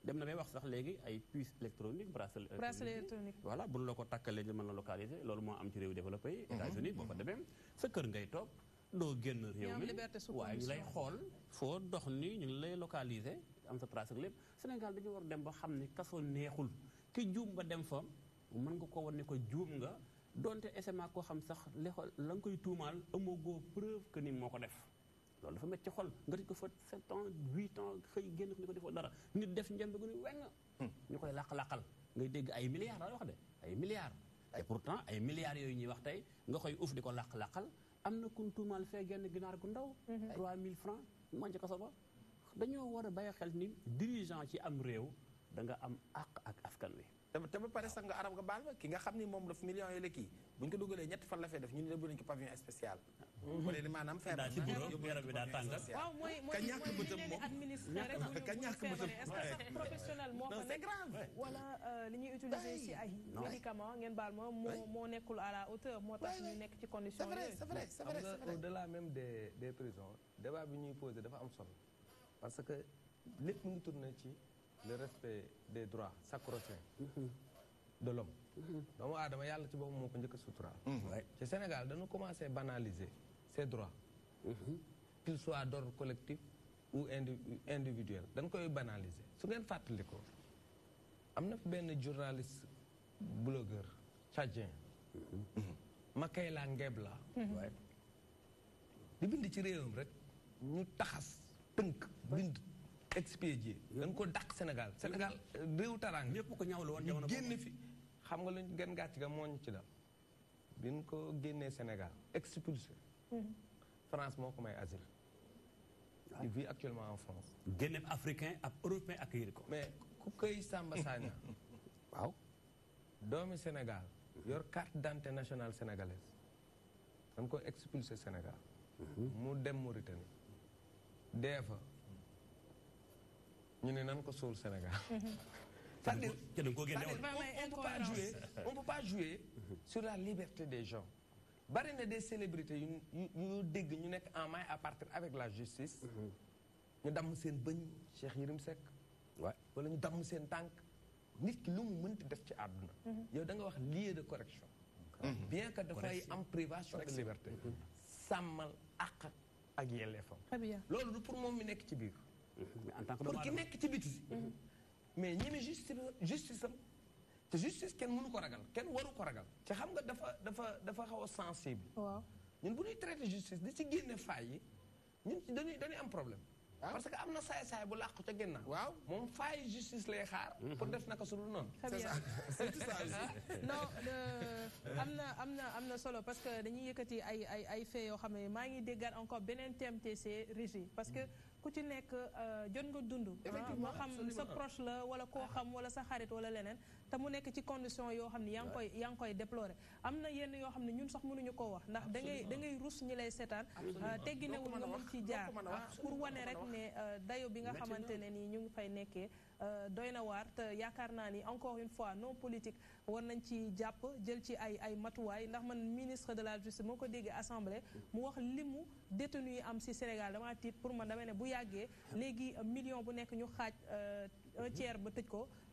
dem na may wax sax léegi ay puces électroniques bracelet électronique voilà bu nu la ko takkalee mën na localiser loolu moo am ci réew développé yi. Mhm. États-Unis boo demee sa kër ngay toog. doo génn réew mi waaye ñu lay xool foo dox ni ñu lay localiser am sa trace lépp Sénégal dañu war dem ba xam ne kaso neexul ki juum ba dem fa mën nga ko wan ko juum nga donte SMA koo xam sax li la nga koy tuumaal amagoo preuve ni moo ko def loolu dafa métti ci nga tëj ko fa sept ans huit ans xëy ko ni dara nit def njëmbe gu ni weng hmm. ñu koy làq-làqal dégg ay milliards laa de ay milliards et pourtant ay milliards yooyu ñuy wax tey nga koy uuf di ko làq-làqal am na kun tuumaal fee genn ginaar gu ndaw. 3000 mhm. francs man ci kaso ba dañoo war a bàyyi xel ni dirigeant ci am réew da nga am àq ak askan wi. te ba pare sax nga arab nga baal ma ki nga xam ni moom daf millions yi la bu ñu ko dugalee ñetti fan la fee def ñu ne yóbbu nañu ko pavillon spécial. bu mm-hmm. dee maanaam feebar na yóbbu nañu ko pavillon ka ñàkk bëtëm moom ka moom c'est euh, li ñuy utiliser ci ay médicaments moo nekkul à la hauteur moo tax ñu nekk ci condition yooyu. c'est vrai c'est vrai c'est vrai au-delà même des des prisons débat ñuy posé dafa am solo parce que lépp mu ngi tourné ci. le respect des droits sacro-saints mm-hmm. de mm-hmm. doomu aadama yàlla ci boppam moo ko njëkk a mm-hmm. ci Sénégal dañu commencé banaliser ces droits qu'il soit d'ordre collectif ou individuel dañ koy banaliser su ngeen fàttaliko am na fi benn journaliste blogueur tchadien Makayla la di bind ci réewam rek ñu taxas tënk bind expédié dañ ko dàq Sénégal Sénégal euh, réew taraang ñëpp ko ñaw woon jamono génn fi xam nga luñ gën gàcc ga mooñ ci dal biñ ko génnee Sénégal expulsé hmm. France moo ko may asile ah. il vit actuellement en France génneem africain ak ak accueillir ko mais ku koy Samba Sagna waaw doomi Sénégal yor carte d'identité nationale sénégalaise dañ ko expulsé Sénégal hmm. mu dem Mauritanie dee fa ñu ne ko Sénégal. on ne peut pas jouer sur la liberté des gens bari des célébrités ñu en main à partir avec la justice. ñu dam seen bëñ Cheikh yirim wala ñu dam seen tànk. nit ki lu def ci mhm. de correction. Mhm. bien que dafay am privation de liberté. Mhm. sàmmal ak du pour moom mi ci en tant que pour ki nekk ci biti mais ñeme justice justice am te justice kenn mënu ko ragal kenn waru ko ragal te xam nga dafa dafa dafa xaw a sensible waaw ñun bu ñuy traité justice di ci génne faay yi ñun ci dañuy dañuy am problème ah. parce que am na saay-saay bu làqu ca génnaaw waaw moom faay justice lay xaar pour mhm. def naka su dul noonu c'est ça c'est ça non am na am na am na solo parce que dañuy yëkkati ay ay ay fait yoo xam ne maa ngi déggaat encore beneen thème TC régie parce que ku ci nekk euh, jot nga dund moo xam sa proche la wala koo xam wala sa xarit wala leneen te mu nekk ci condition yoo xam ne yaa ngi koy yaa ngi koy déplorer am na yenn yoo xam ne ñun sax mënuñu koo wax ndax da ngay da ngay rus ñi lay seetaan euh, teggi newuñ nga mun ci jaar pour wane rek ne euh, dayo bi nga xamante ne nii ñu ngi fay nekkee Euh, Doyen Award Yakarnani ni encore une fois non politique war nañ ci jàpp jël ci ay ay matuwaay ndax man ministre de la justice moo ko déggee assemblée mu wax li détenu am si Sénégal dama pour man Bouyagé, ne bu yàggee léegi million bu nekk ñu xaaj euh, un tiers ba tëj ko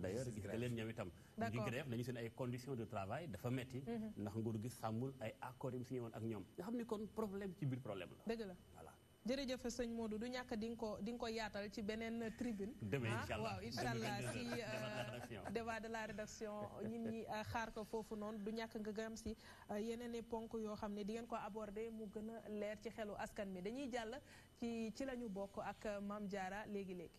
d'ailleurs gis nga leen ñoom itam ñu ngi grève nañu seen ay conditions de travail dafa metti mhm. ndax nguur gi sàmmul ay accords yi mu woon ak ñoom nga xam ni kon problème ci biir problème la dëgg la voilà jërëjëf sëñ Modou du ñàkk di nga ko di nga ko yaatal ci beneen tribune ah, waaw incha allah si euh, débat de la rédaction ñin ñi euh, xaar ko foofu noonu du ñàkk nga gëm si euh, yeneen i ponk yoo xam ne di ngeen ko aborder mu gën a leer ci xelu askan mi dañuy jàll ci ci la ñu bokk ak maam jaara léegi-léegi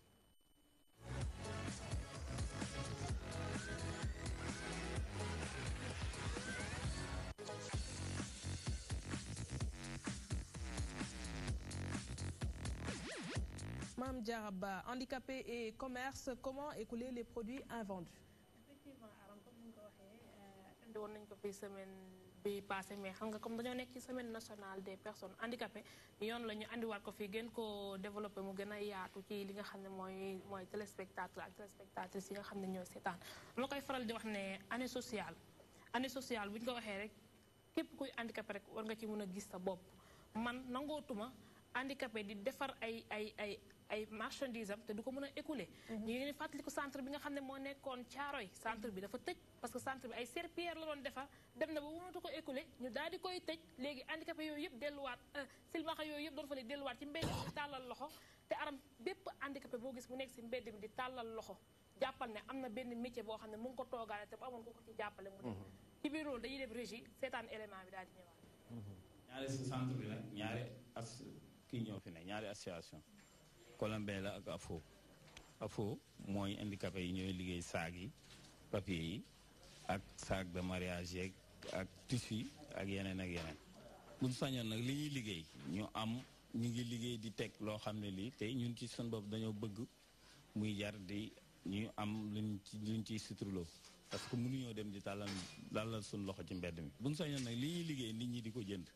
Mme Diaraba, handicapé et commerce, comment écouler les produits invendus Effectivement, Aram, comme vous l'avez dit, nous avons une semaine bi passé mais xam nga comme dañoo nekk ci semaine nationale des personnes handicapées yoon la ñu andiwaat ko fii gën koo développer mu gën a yaatu ci li nga xam ne mooy mooy téléspectateur ak téléspectatrices yi nga xam ne ñoo seetaan ma koy faral di wax ne année sociale année sociale bu ñu ko waxee rek képp kuy handicapé rek war nga ci mën a gis sa bopp man nangootuma handicapé di defar ay ay ay ay marchandises te du ko mën a écouler. Mhm. ñu ngi fàttaliku centre bi nga xam ne moo nekkoon Caaroy centre bi dafa tëj parce que centre bi ay serpillère la doon defar dem na ba mënatu ko écouler ñu daal di koy tëj léegi handicapé yooyu yëpp delluwaat euh, silmaxa yooyu yëpp doon fa delluwaat ci mbedd di tàllal loxo te aram bépp handicapé boo gis mu nekk si mbedd mi di tàllal loxo jàppal ne am na benn métier boo xam ne mu ngi ko toogaale te bu amoon ko ko ci jàppale mu ne mhm. ci biir loolu dañuy def régie seetaan élément bi daal di ñëwaat mhm. ñaari centre bi nag kii ñoo fi ne ñaari association Colombey la ak AFO AFO mooy handicapé yi ñooy liggéey saag yi papier yi ak saag de mariage yeeg ak tissu ak yeneen ak yeneen buñ sañoon nag li ñuy liggéey ñu am ñu ngi liggéey di teg loo xam ne lii tey ñun ci suñ bopp dañoo bëgg muy jar di ñu am luñ ci luñ ciy suturloo parce que mënuñoo dem di tàllal tàllal suñ loxo ci mbedd mi buñ sañoon nag li ñuy liggéey nit ñi di ko jënd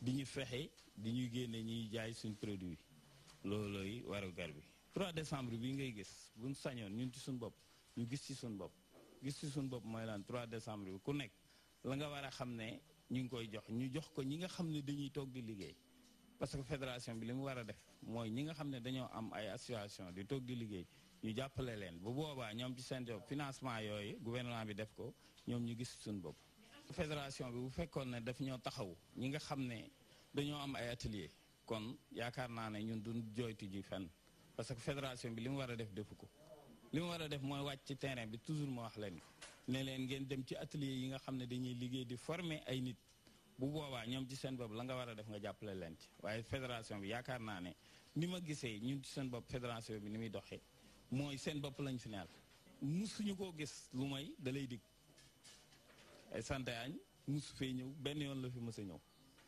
di ñu fexe di ñuy génne ñuy jaay suñ produit loolooy warugar bi trois décembre bi ngay gis buñ sañoon ñun ci suñu bopp ñu gis ci suñu bopp gis ci suñu bopp mooy lan 3 décembre bi ku nekk la nga war a xam ne ñu ngi koy jox ñu jox ko ñi nga xam ne dañuy toog di liggéey parce que fédération bi li mu war a def mooy ñi nga xam ne dañoo am ay association di toog liggéey ñu jàppale leen bu boobaa ñoom ci seen job financement yooyu gouvernement bi def ko ñoom ñu gis suñu bopp bi bu fekkoon ne daf ñoo taxaw ñi nga xam ne dañoo am ay atelier kon yaakaar naa ne ñun duñ jooytu ji fenn parce que fédération bi li mu war a def defu ko li mu war a def mooy wàcc ci terrain bi toujours ma wax leen ko ne leen ngeen dem ci atelier yi nga xam ne dañuy liggéey di former ay nit bu boobaa ñoom ci seen bopp la nga war a def nga jàppale leen ci waaye fédération bi yaakaar naa ne ni ma gisee ñun ci seen bopp fédération bi ni muy doxee mooy seen bopp lañ fi neel musuñu koo gis lu mooy dalay lay dig ay santayañ musu fee ñëw benn yoon la fi mës a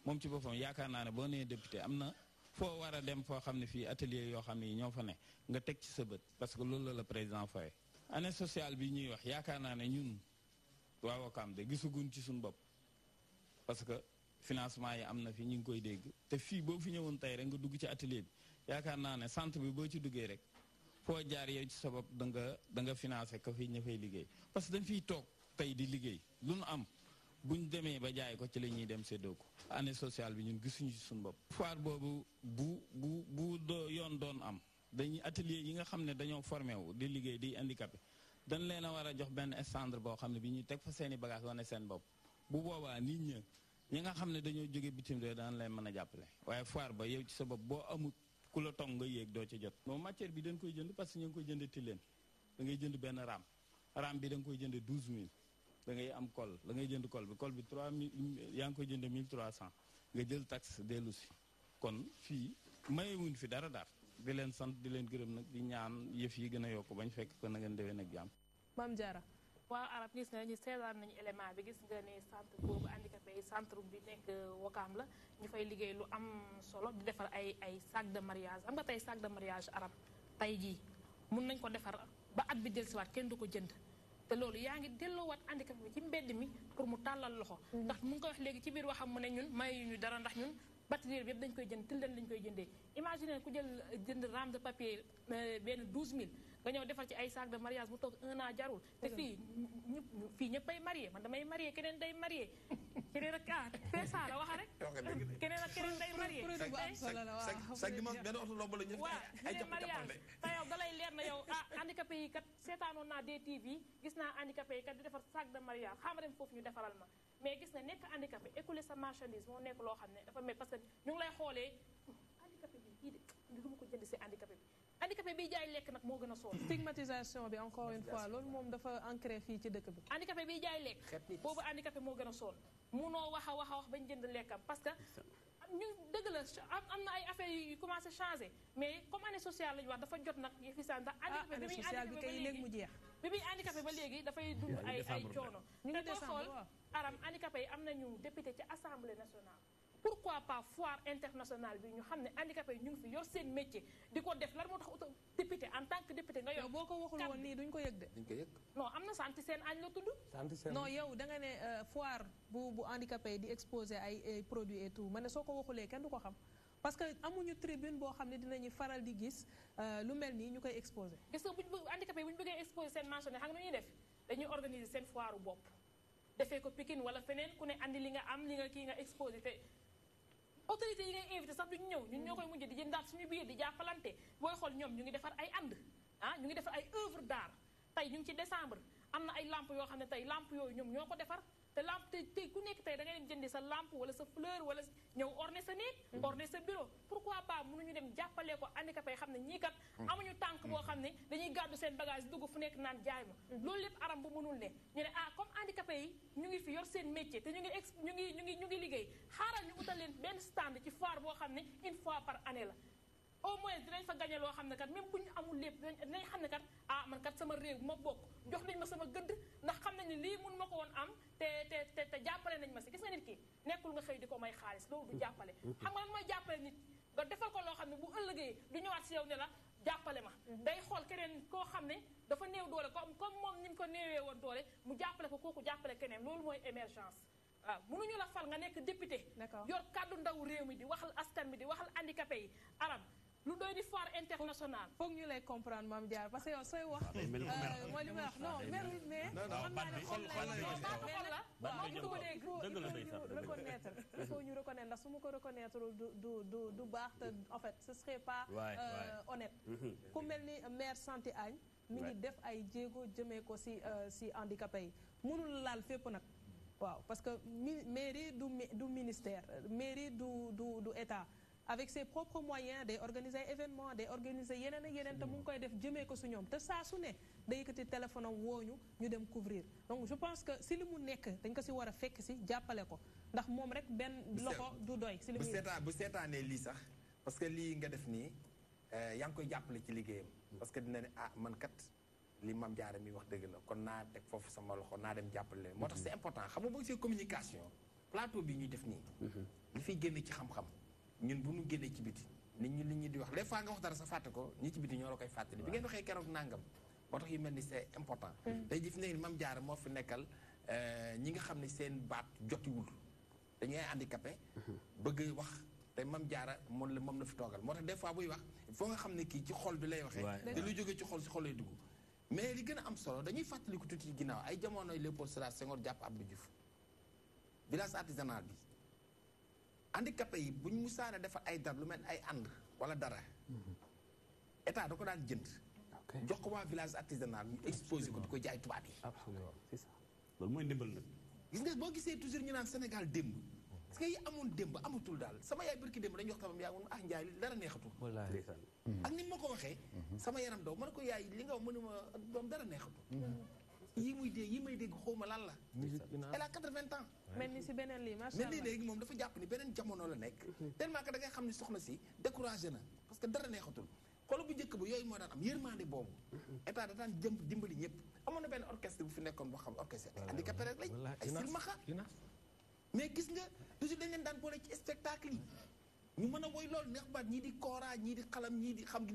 moom ci boppam yaakaar naa ne boo nee député am na foo war a dem foo xam ne fii atelier yoo xam ne ñoo fa ne nga teg ci sa bët parce que loolu la la président Faye. année sociale bi ñuy wax yaakaar ne ñun waa Wakaam de gisaguñ ci suñu bopp parce que financement yi am na fi ñu ngi koy dégg te fii boo fi ñëwoon tey rek nga dugg ci atelier bi yaakaar naa ne centre bi boo ci duggee rek foo jaar yow ci sa bopp da nga da nga financé ko fii ña fay liggéey parce que dañ toog tey di liggéey lu nu am. bu buñ demee ba jaay ko ci la ñuy dem séddoo ko année sociale bi ñun gisuñu ci suñu bopp. foire boobu bu bu bu doo yoon doon am dañuy atelier yi nga xam ne dañoo formé wu di liggéey di handicapé dañ leen a war a jox benn centre boo xam ne bi ñuy teg fa seeni i bagage wane seen bopp bu boobaa nit ña ñi nga xam ne dañoo jóge bitim réew daan leen mën a jàppale waaye foire ba yow ci sa bopp boo amut ku la tong nga yéeg doo ci jot. moom matière bi dañ koy jënd parce que ñu ngi koy jënd ti leen da ngay jënd benn raam raam bi da koy jënd douze mille da ngay am col la ngay jënd col bi col bi 3000 yang koy jënd 1300 nga jël taxe delu ci kon fi mayewuñ fi dara dar di len sant di len gërëm nak di ñaan yëf yi gëna yok bañ fekk ko na ngeen dewe nak jam mam jara wa arab gis na ñu seetaan nañu élément bi gis nga né centre boobu handicapé centre bi nek euh, wakam la ñu fay liggéey lu am solo di defar ay ay sac de mariage am nga tay sac de mariage arab tay ji mun nañ ko defar ba at bi wat kenn du ko jënd te loolu yaa ngi delloowaat handicapé bi ci mbedd mi pour mu tàllal loxo mm. ndax mu ngi koy wax léegi ci biir waxam mu ne ñun ñu dara ndax ñun batterie bi dañ koy jënd til leen lañ koy jëndee imagine ku jël jënd rame de papier euh, benn douze mille nga ñëw defar ci ay sac de mariage mu toog un an jarul te fii ñu fii ñëppay marié man damay marié keneen day marié keneen ak ah c'est ça la waxa rek keneen ak keneen day marié sa gi moom benn oto lomb la ñëpp ay jàpp leer na yow ah handicapé yi kat seetaanoon naa DTV gis naa handicapé yi kat di defar sac de mariage xaama dem foofu ñu defaral ma mais gis na nekk handicapé écouler sa marchandise moo nekk loo xam ne dafa mel parce que ñu ngi lay xoolee handicapé bi kii de lu ko jënd si handicapé handicapé bi jaay lekk nag moo gën a sonn stigmatisation bi encore une fois loolu moom dafa ancré fii ci dëkk bi handicapé bi jaay lekk boobu handicapé moo gën a sonn wax a wax a parce que ñu dëgg la am na commencé changé mais comme année sociale la ñu wax dafa jot nag yëfi saan ndax handicapé ah, bi muy handicapé ba léegi dafay dund ay ay coono te boo xool aram handicapé yi am nañu député ci assemblée nationale pourquoi pas foire internationale bi ñu xam ne handicapé yi ñu ngi fi yor seen métier di ko def lan moo tax auto en tant que député nga yor. boo ko waxul woon nii duñ ko yëg de. duñ ko yëg non am na sant seen añ la tudd. sant yow da ne euh, foire bu bu yi di exposer ay produits et tout ma soo ko waxulee kenn du ko xam. parce que amuñu tribune boo xam ne dinañu faral di gis euh, lu mel nii ñu koy exposé. est-ce que buñ yi bu bëggee exposé seen autorité yi ngay invité sax duñ ñëw ñun ñoo koy mujj di jëndaat suñu biir di jàppalante booy xool ñoom ñu ngi defar ay ànd ah ñu ngi defar ay œuvre d'art tey ñu ngi ci décembre am na ay lampe yoo xam ne tey làmp yooyu ñoom ñoo ko defar te lampe te tey ku nekk tey da nga dem jëndi sa lampe wala sa fleur wala ñëw orner sa néeg mm-hmm. orner sa bureau pourquoi pas mënuñu dem jàppalee ko handicapé yi xam ne ñii kat mm-hmm. amuñu tànk boo xam ne mm-hmm. dañuy gàddu seen bagage dugg fu nekk naan jaay ma loolu lépp aram bu mënul ne ñu ne ah comme handicapé yi ñu ngi fi yor seen métier te ñu ngi ex ñu ngi ñu ngi ñu liggéey xaaral ñu utal leen benn stand ci foire boo xam ne une fois par année la au moins dinañ fa gañe loo xam ne kat même bu ñu amul lépp dinañ xam ne kat ah man kat sama réew ma bokk jox nañ ma sama gëdd ndax xam nañ ne lii mun ma ko woon am te te te te jàppale nañ ma si gis nga nit ki nekkul nga xëy di ko may xaalis loolu du jàppale xam nga lan mooy jàppale nit nga defal ko loo xam ne bu ëllëgee du ñëwaat si yow ne la jàppale ma day xool keneen koo xam ne dafa néew doole comme comme moom ni mu ko néewee woon doole mu jàppale ko kooku jàppale keneen loolu mooy émergence waaw mënuñu la fal nga nekk député yor kàddu ndaw réew mi di waxal askan bi di waxal handicapé yi arab Nous doy faire foire internationale. que nous les comprendre Mame Diarra parce que yow sooy wax. Ah, mooy euh, li non mais. Non, naa ne xol la waaw reconnaître il faut nous reconnaître ndax su ma reconnaître du du du du baax en fait ce serait pas euh, honnête. Mm-hmm. ku mel maire Santé Agne. mini def ay djego djeme ko si euh, si handicapé yi mënul laal fépp nag. waaw parce que mairie du du ministère mairie du du du état avec ses propres moyens des organiser événements, des organiser yeneen ak yeneen te mu ngi koy def jëmee ko su ñom te sa su ne day yëkkati téléphone am wooñu ñu dem couvrir donc je pense que si le mu nekk dañ ko si wara fekk si jappalé ko ndax mom rek ben loxo du doy si li bu seetaan bu seetaanee li sax parce que li nga def ni euh yang koy jappalé ci liggéeyam parce que dina ne ah man kat li mam jaara mi wax dëgg la kon naa teg foofu sama loxo naa dem jàppale moo tax c'est important xam nga boo communication plateau bi ñuy def nii mhm. li fiy génn ci xam-xam ñun bu ñu génnee ci biti nit ñi nit ñu di wax les fois nga wax dara sa fàtte ko ñi ci biti ñoo la koy fàttali bi ngeen waxee keroog nangam moo tax yu mel ni c'est important mm. tey jii fi ne Mame Diarra moo fi nekkal euh, ñi nga xam ne seen baat jotiwul dañuy handicapé mm-hmm. bëgg wax te Mame Diarra moom la moom la fi toogal moo tax des fois buy wax foo nga xam ne kii ci xol bi lay waxee te lu jógee ci xol si xol lay dugg mais li gën a am solo dañuy fàttaliku tuuti ginnaaw ay jamonoy Léopold Sédar Senghor jàpp ab Abdou Diouf village artisanal bi handicapé yi bu ñu musaane defar ay dara lu mel ay ànd wala dara état da ko daan jënd jox ko waa village artisanal ñu exposé ko di ko jaay tubaab yi absolument c'est ça loolu mooy ndimbal nag gis nga boo gisee toujours ñu naan Sénégal démb parce que yi amoon démb amatul daal sama yaay birki démb dañuy wax tamam yaa ngi ah njaay li dara neexatul ak ni ma ko waxee sama yaram daw mën na ko yaay li nga wax mënuma doom dara neexatul mm-hmm. yi muy dégg yi may dégg xawma lan la. elle a quatre-vingts ans. mel ni si beneen lii macha allah mel ni léegi moom dafa jàpp ni beneen jamono la nekk. tellement que da ngay xam ni soxna si découragé na parce que dara neexatul. xolo bu njëkk ba yooyu moo daan am yërmande boobu. état daan dimbali ñëpp. amoon na benn orchestre bu fi nekkoon boo xam orchestre ay handicapé rek lañ ay silmaxa mais gis nga toujours dañ leen daan boole ci spectacle yi. ñu mën a woy loolu neex baat ñii di kooraa ñii di xalam ñii di xam di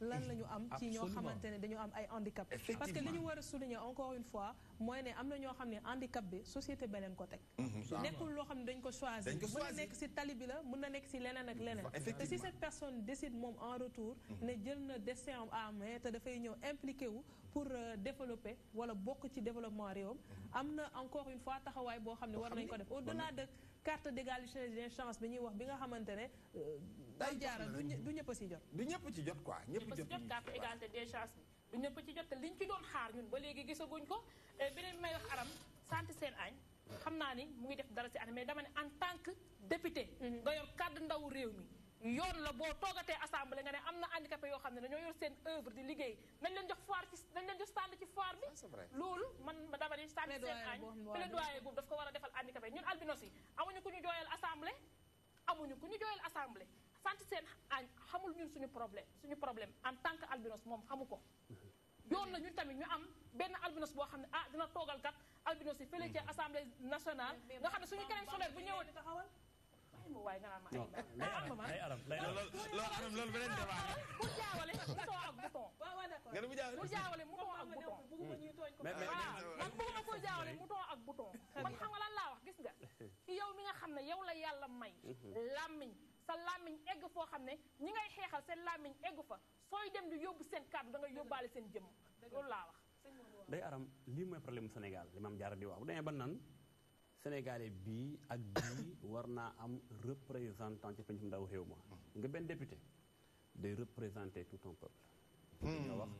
lan la ñu am ci ñoo xamante ne dañu am ay handicap parce que li ñu war a souligner encore une fois mooy ne am na ñoo xam ne handicap bi société beleen ko teg mhm. nekkul loo xam ne dañ ko choisir mën na nekk si tali bi la mën na nekk si leneen ak leneen te si cette personne décide moom en retour mhm. ne jël na destin am en main te dafay ñëw impliqué wu pour euh, développer wala bokk ci développement réewam mhm. am na encore une fois taxawaay boo xam ne war nañ ko def au delà de carte dégal des chances bi ñuy wax bi nga xamante ne. Euh, day jaara du ñëpp si jot. du ñëpp ci jot quoi ñëpp jot carte d'égalité des chances bi du ñëpp ci jot te liñ ci doon xaar ñun ba léegi gisaguñ ko beneen bi may wax aram sant seen añ xam naa ni mu ngi def dara si année mais dama ne en tant que député. Mm-hmm. nga yor kàddu ndawu réew mi. yoon la boo toogatee assemblée nga ne am na handicapé yoo xam ne dañoo yor seen œuvre di liggéey nañ leen jox foire ci nañ leen jox stand ci foire bi ah, loolu man dama di seen añ plaidoyer boobu daf ko war a defal handicapé ñun albinos yi amuñu ku ñu jooyal assemblée amuñu ku ñu jooyal assemblée sant seen añ xamul ñun suñu problème suñu problème en tant que albinos moom xamu ko yoon la ñun tamit ñu am benn albinos boo xam ne ah dina toogal kat albinos yi fële ci mm-hmm. assemblée nationale nga mu waaye nga naan ma ay arme ma loo arme loolu beneen débat bu jaawale bouton ak bouton nga ne bu jaawale bu jaawale bouton ak bouton man bëgguma koy jaawale bouton ak bouton man xam nga lan laa wax gis nga yow mi nga xam ne yow la yàlla may làmmiñ sa làmmiñ egg foo xam ne ñi ngay xeexal seen làmmiñ egg fa sooy dem di yóbbu seen kàddu da nga yóbbaale seen jëmm loolu laa wax day aram lii mooy problème Sénégal li maam jaara di wax bu demee ba nan sénégalais bi ak bii war naa am représentant ci pencum ndaw réew ma nga benn député day représenter tout un peuple hmm. nga wax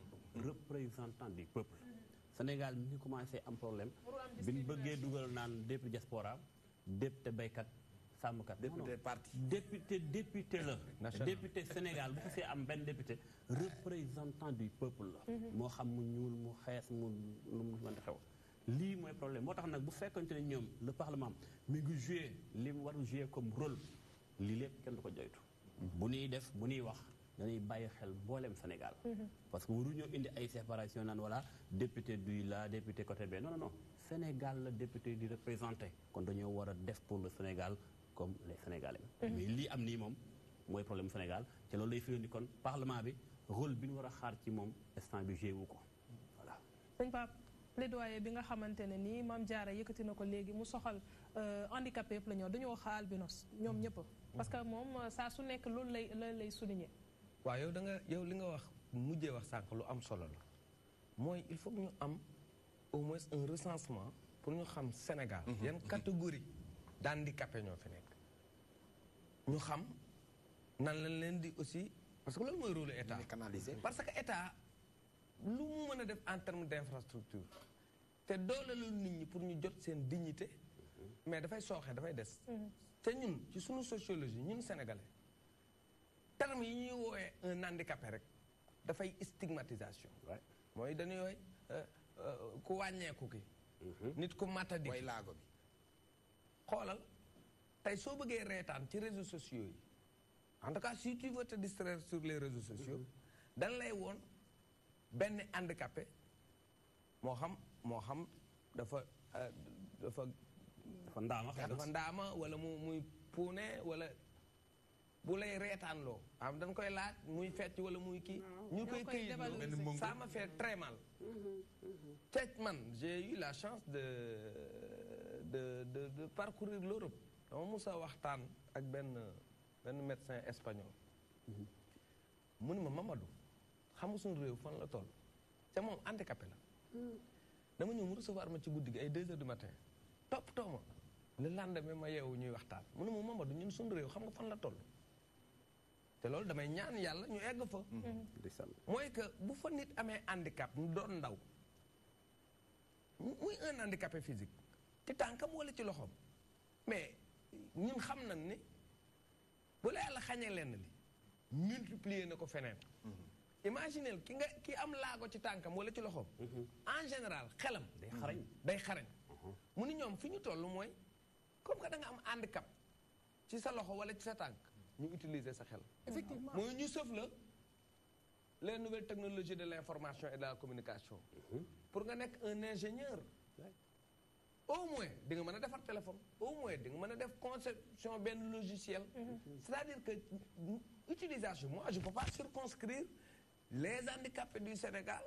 représentant du peuple sénégal mi ngi commencé am problème bi ñu bëggee dugal naan député diaspora député baykat sàmmkat député parti député député la député sénégal bu xasee am benn député représentant du peuple la hmm. moo xam mu ñuul mu xees mu lu mu mën xew lii mooy problème moo bu ne le parlement mi ngi li comme rôle le joytu bu nuy def bu nuy wax le xel Sénégal mhm. parce que waruñoo indi ay séparation voilà député du la député côté non non non Sénégal le député di représenté kon def pour le Sénégal comme les Sénégalais mhm. mais am problème Sénégal parlement bi rôle xaar ci bi plaidoyer bi nga xamante ne nii Mame Diarra yëkkati na ko léegi mu soxal euh, handicapé yëpp la ñoo dañoo wax albinos ñoom ñëpp parce que moom euh, saa su nekk loolu lay lay souligné. waaw yow da nga yow li nga wax mujjee wax sànq lu am solo la mooy il faut ñu am au moins un recensement pour ñu xam Sénégal mhm. yan catégorie d'handicapé ñoo fi nekk ñu xam nan lañ leen di aussi parce que loolu mooy rôle état parce que état lu mu mën a def en terme d' infrastructure te dooleelul nit ñi pour ñu jot seen dignité mais dafay sooxe dafay des mm-hmm. te ñun ci suñu sociologie ñun sénégalais terme yi ñuy woowee un handicapé rek dafay stigmatisation mooy dañuy euh, euh, ku wàññeeku ki mm-hmm. nit ku matadi mooy laago bi xoolal tey soo bëggee reetaan ci réseaux sociaux yi en tout cas si tu distraire sur les réseaux sociaux mm-hmm. dan lay woon benn handicapé moo xam moo xam dafa euh, dafa. dafa ndaama dafa ndaama wala mu muy puune walla bu lay reetaanloo. am dañ koy laaj muy fecc wala muy kii. ñu koy këyit ça m'a fait très mal. Mm-hmm, te man j'ai eu la chance de de de de parcourir l'Europe dama mus a waxtaan ak benn benn médecin espagnol. Mm-hmm. mu ni ma Mamadou. xam nga suñu réew fan la toll te moom handicapé la dama ñëw mu ma ci guddi gi ay deux heures du matin topp too ma le lendemain ma yeewu ñuy waxtaan mu ne ma du ñun suñu réew xam nga fan la toll loolu damay ñaan yàlla ñu egg fa mm-hmm. mooy que bu fa nit amee handicap ñu doon ndaw muy un handicapé physique ci tànkam ci loxoom mais ñun xam nañ ni bu la yàlla xañee lenn li multiplier na ko feneen mm-hmm. imaginez ki nga ki am laago ci tànkam wala ci loxoom. Mhm. en général xelam. day xarañ day xarañ. Mhm. mu ni ñoom fi ñu toll mooy comme que da nga am handicap ci sa loxo wala ci sa tànk ñu utiliser sa xel. effectivement mooy ñu sëf la les nouvelles technologies de l'information et de la communication. Mhm. pour nga nekk un ingénieur. au moins di nga mën a téléphone au moins di nga mën a def conception benn logiciel. cest à dire que utilisation moi je peux pas circonscrire les handicapés du Sénégal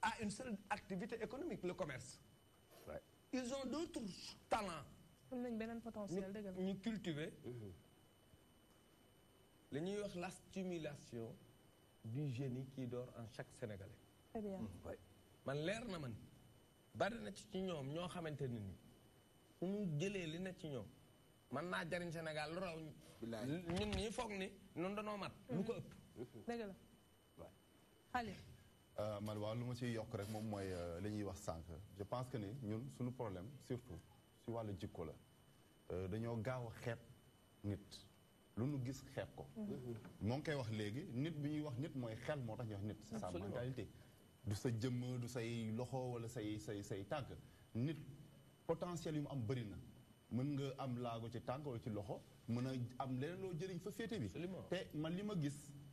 à une seule activité économique, le commerce. Ouais. Ils ont d'autres talents. Nous cultiver. Nous mm -hmm. la stimulation du génie qui dort en chaque Sénégalais. Très bien. Mhm. Man leer na man bari na ci ñoom ñoo xamante ne ñu jëlee li na ci ñoom man naa jariñ Sénégal lu raw ñun ñi foog ni ñun danoo mat. lu ko mhm. ëpp. Dëgg la. allez euh, man waaw lu ma ciy yokk rek moom mooy euh, li ñuy wax sànq je pense que ni ñun suñu problème surtout si wàllu jikko la euh, dañoo gaaw a xeeb nit lu nu gis xeeb ko mm-hmm. moo ngi koy wax léegi nit bi ñuy wax nit mooy xel moo tax ñuy wax nit c'est sa mentalité du sa jëmm du say loxo wala say say say tànk nit potentiel yu mu am bëri na mën nga am laago ci tànk wala ci loxo mën a am leneen loo jëriñ fa féete bi te man li ma gis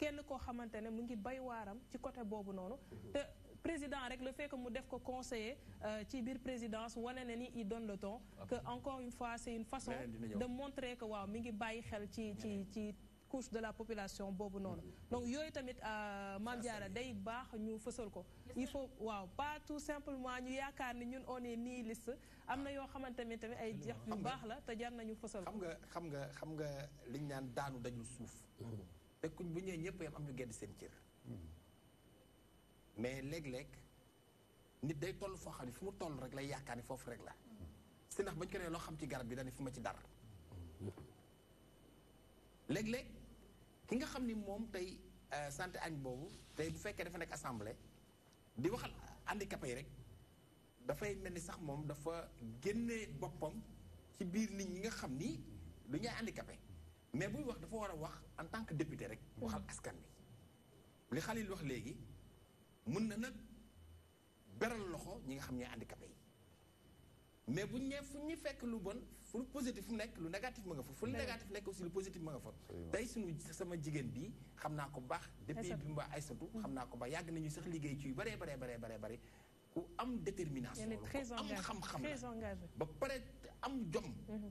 kenn koo xamante ne mu ngi bay waaram ci côté boobu noonu te président rek le fait que mu def ko conseiller euh, ci biir présidence wane na ni il donne le temps que encore une fois c'est une façon de montrer que waaw mi ngi bàyyi xel ci ci ci couche de la population boobu noonu donc yooyu tamit euh, Mame Diarra day baax ñu fësal ko il faut waaw pas tout simplement ñu yaakaar ni ñun on est nihiliste am na yoo xamante ne tamit ay jeex yu baax la te jar nañu fësal ko xam nga xam nga xam nga liñ naan daanu dajul suuf mm. te kuñ bu ñëwee ñëpp yam am ñu gedd seen cër hmm. mais léeg-léeg nit day toll foo xam ne fi mu toll rek lay yaakaar ni foofu rek la hmm. si ndax bañ ko nee loo xam ci garab bi dañu fi ma ci dar hmm. léeg-léeg ki nga xam ni moom tey euh, santé añ boobu tey bu fekkee dafa nekk assemblée di waxal handicapé yi rek dafay mel ni sax moom dafa génne boppam ci biir nit ñi nga xam ni du ñuy handicapé mais buy wax dafa war a wax en tant que député rek waxal mm. askan bi li Khalil wax léegi mën na nag beral loxo ñi nga xam ne handicapé yi mais bu ñee fu ñu fekk lu bon fu lu positif nekk lu négatif ma nga fa fu lu négatif nekk aussi lu positif ma nga fa tey suñu sama jigéen bi xam naa ko baax depuis bi mba Aïssatou mm. xam naa ko baax yàgg nañu sax liggéey ci yu baree baree baree baree baree ku am détermination am xam-xam la ba pare am jom mm-hmm.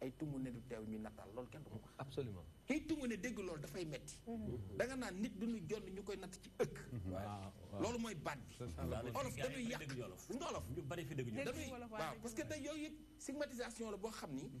ay tungu ne du teew ñu nataal loolu kenn du ko xam. absolument kiy dégg loolu dafay metti mhm. da nga naan nit du ñu jonn ñu koy natt ci ëkk. Mhm. loolu mooy baat bi. olof dañuy yàq olof ñu bari fi dégg ñu dañuy waaw parce que tey yooyu yëpp la boo xam ni. Mhm.